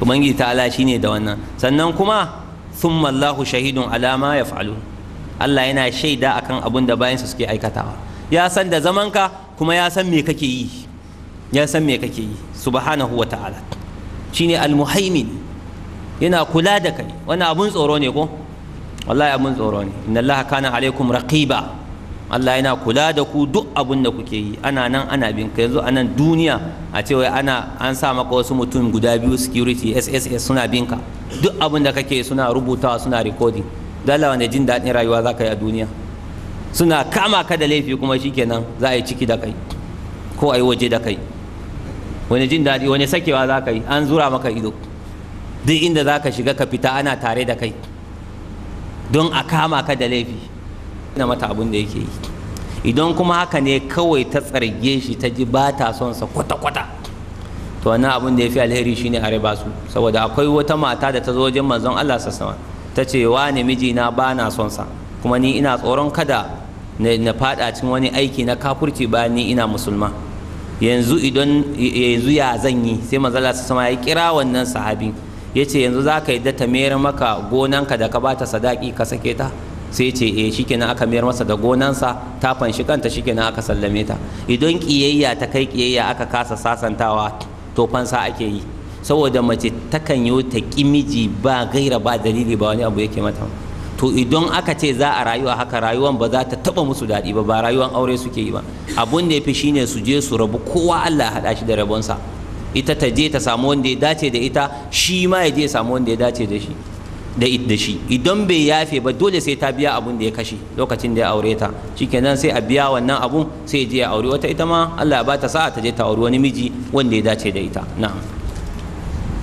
to shine da wannan sannan kuma thumma Allahu shahidun alama ya yaf'alu Allah yana shaida akan abin da bayansu suke aikatawa ya san da zamanka kuma ya san me kake yi ya san me kake yi subhanahu wa ta'ala shine al yana kula da kai wani abun tsoro ne ko wallahi abun tsoro ne inna allaha kana alaikum raqiba Allah yana kula da ku duk abin da kuke yi ana nan ana bin ka yanzu anan duniya a ce wai ana an sa maka wasu mutum guda biyu security SSS suna bin ka duk abin da kake suna rubutawa suna recording dala wanda jin daɗin rayuwa za ka yi a duniya suna kama ka da laifi kuma shikenan za a yi ciki da kai ko a yi waje da kai wani jin daɗi wani sakewa za ka yi an zura maka ido duk inda za ka shiga ka fita ana tare da kai don a kama ka da laifi na mata abin da yake yi idan kuma haka ne kawai ta tsarge shi ta ji ba ta son sa kwata-kwata to wannan abin da ya fi alheri shine a riba su saboda akwai wata mata da ta zo wajen manzon Allah sassama ta ce wa ne mijina ba na son sa kuma ni ina tsoron kada na fada cikin wani aiki na kafurci ba ni ina musulma yanzu idan yanzu ya zan yi sai manzon Allah sassama ya kira wannan sahabi ya ce yanzu za ka yi da ta mayar maka gonanka da ka ba ta sadaki ka sake ta sai ce eh shikenan aka mayar masa da gonansa ta fanshi kanta shikenan aka sallame ta idan kiyayya ta kai kiyayya aka kasa sasantawa to fansa ake yi saboda mace takan yi ta miji ba gaira ba dalili ba wani abu yake mata to idan aka ce za a rayuwa haka rayuwan ba za ta taba musu daɗi ba ba rayuwan aure suke yi ba abun da ya fi shine su je su rabu kowa Allah haɗa shi da rabonsa ita ta je ta samu wanda ya dace da ita shi ma ya je ya samu wanda ya dace da shi da shi idan bai yafe ba dole sai ta biya abun da ya kashe lokacin da ya aure ta shikenan sai a biya wannan abun sai je ya aure wata ita ma Allah ya ba ta sa'a ta je ta aure wani miji wanda ya dace da ita na'am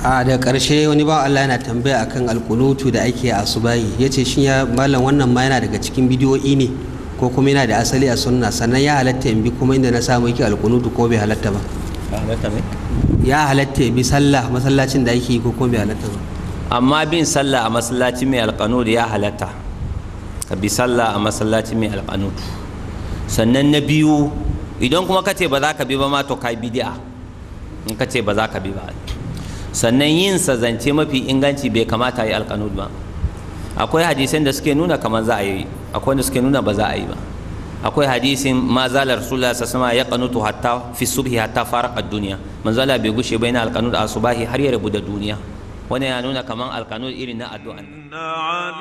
a da karshe wani ba Allah yana tambaya akan alkulutu da ake a subayi yace shin ya malam wannan ma yana daga cikin bidiyoyi ne ko kuma yana da asali a sunna sannan ya halatta in bi kuma inda na samu yake alkunutu ko bai halatta ba ya halatta bi sallah masallacin da ake yi ko kuma bai halatta ba amma bin sallah a masallaci mai alƙanud ya halatta ka bi sallah a masallaci mai alƙanud sannan na biyu idan kuma ka ce ba za ka bi ba ma to ka yi bidi'a in ka ce ba za ka bi ba sannan yin sa zance mafi inganci bai kamata yi alƙanud ba akwai hadisan da suke nuna kamar za a yi akwai wanda suke nuna ba za a yi ba akwai hadisin ma zalar rasulullah sallallahu alaihi ya qanutu hatta fi subhi hatta faraqa ad-dunya manzala bai gushe bai na alqanud asubahi har ya rabu da duniya wani ya nuna kaman alkanu irin na addu'a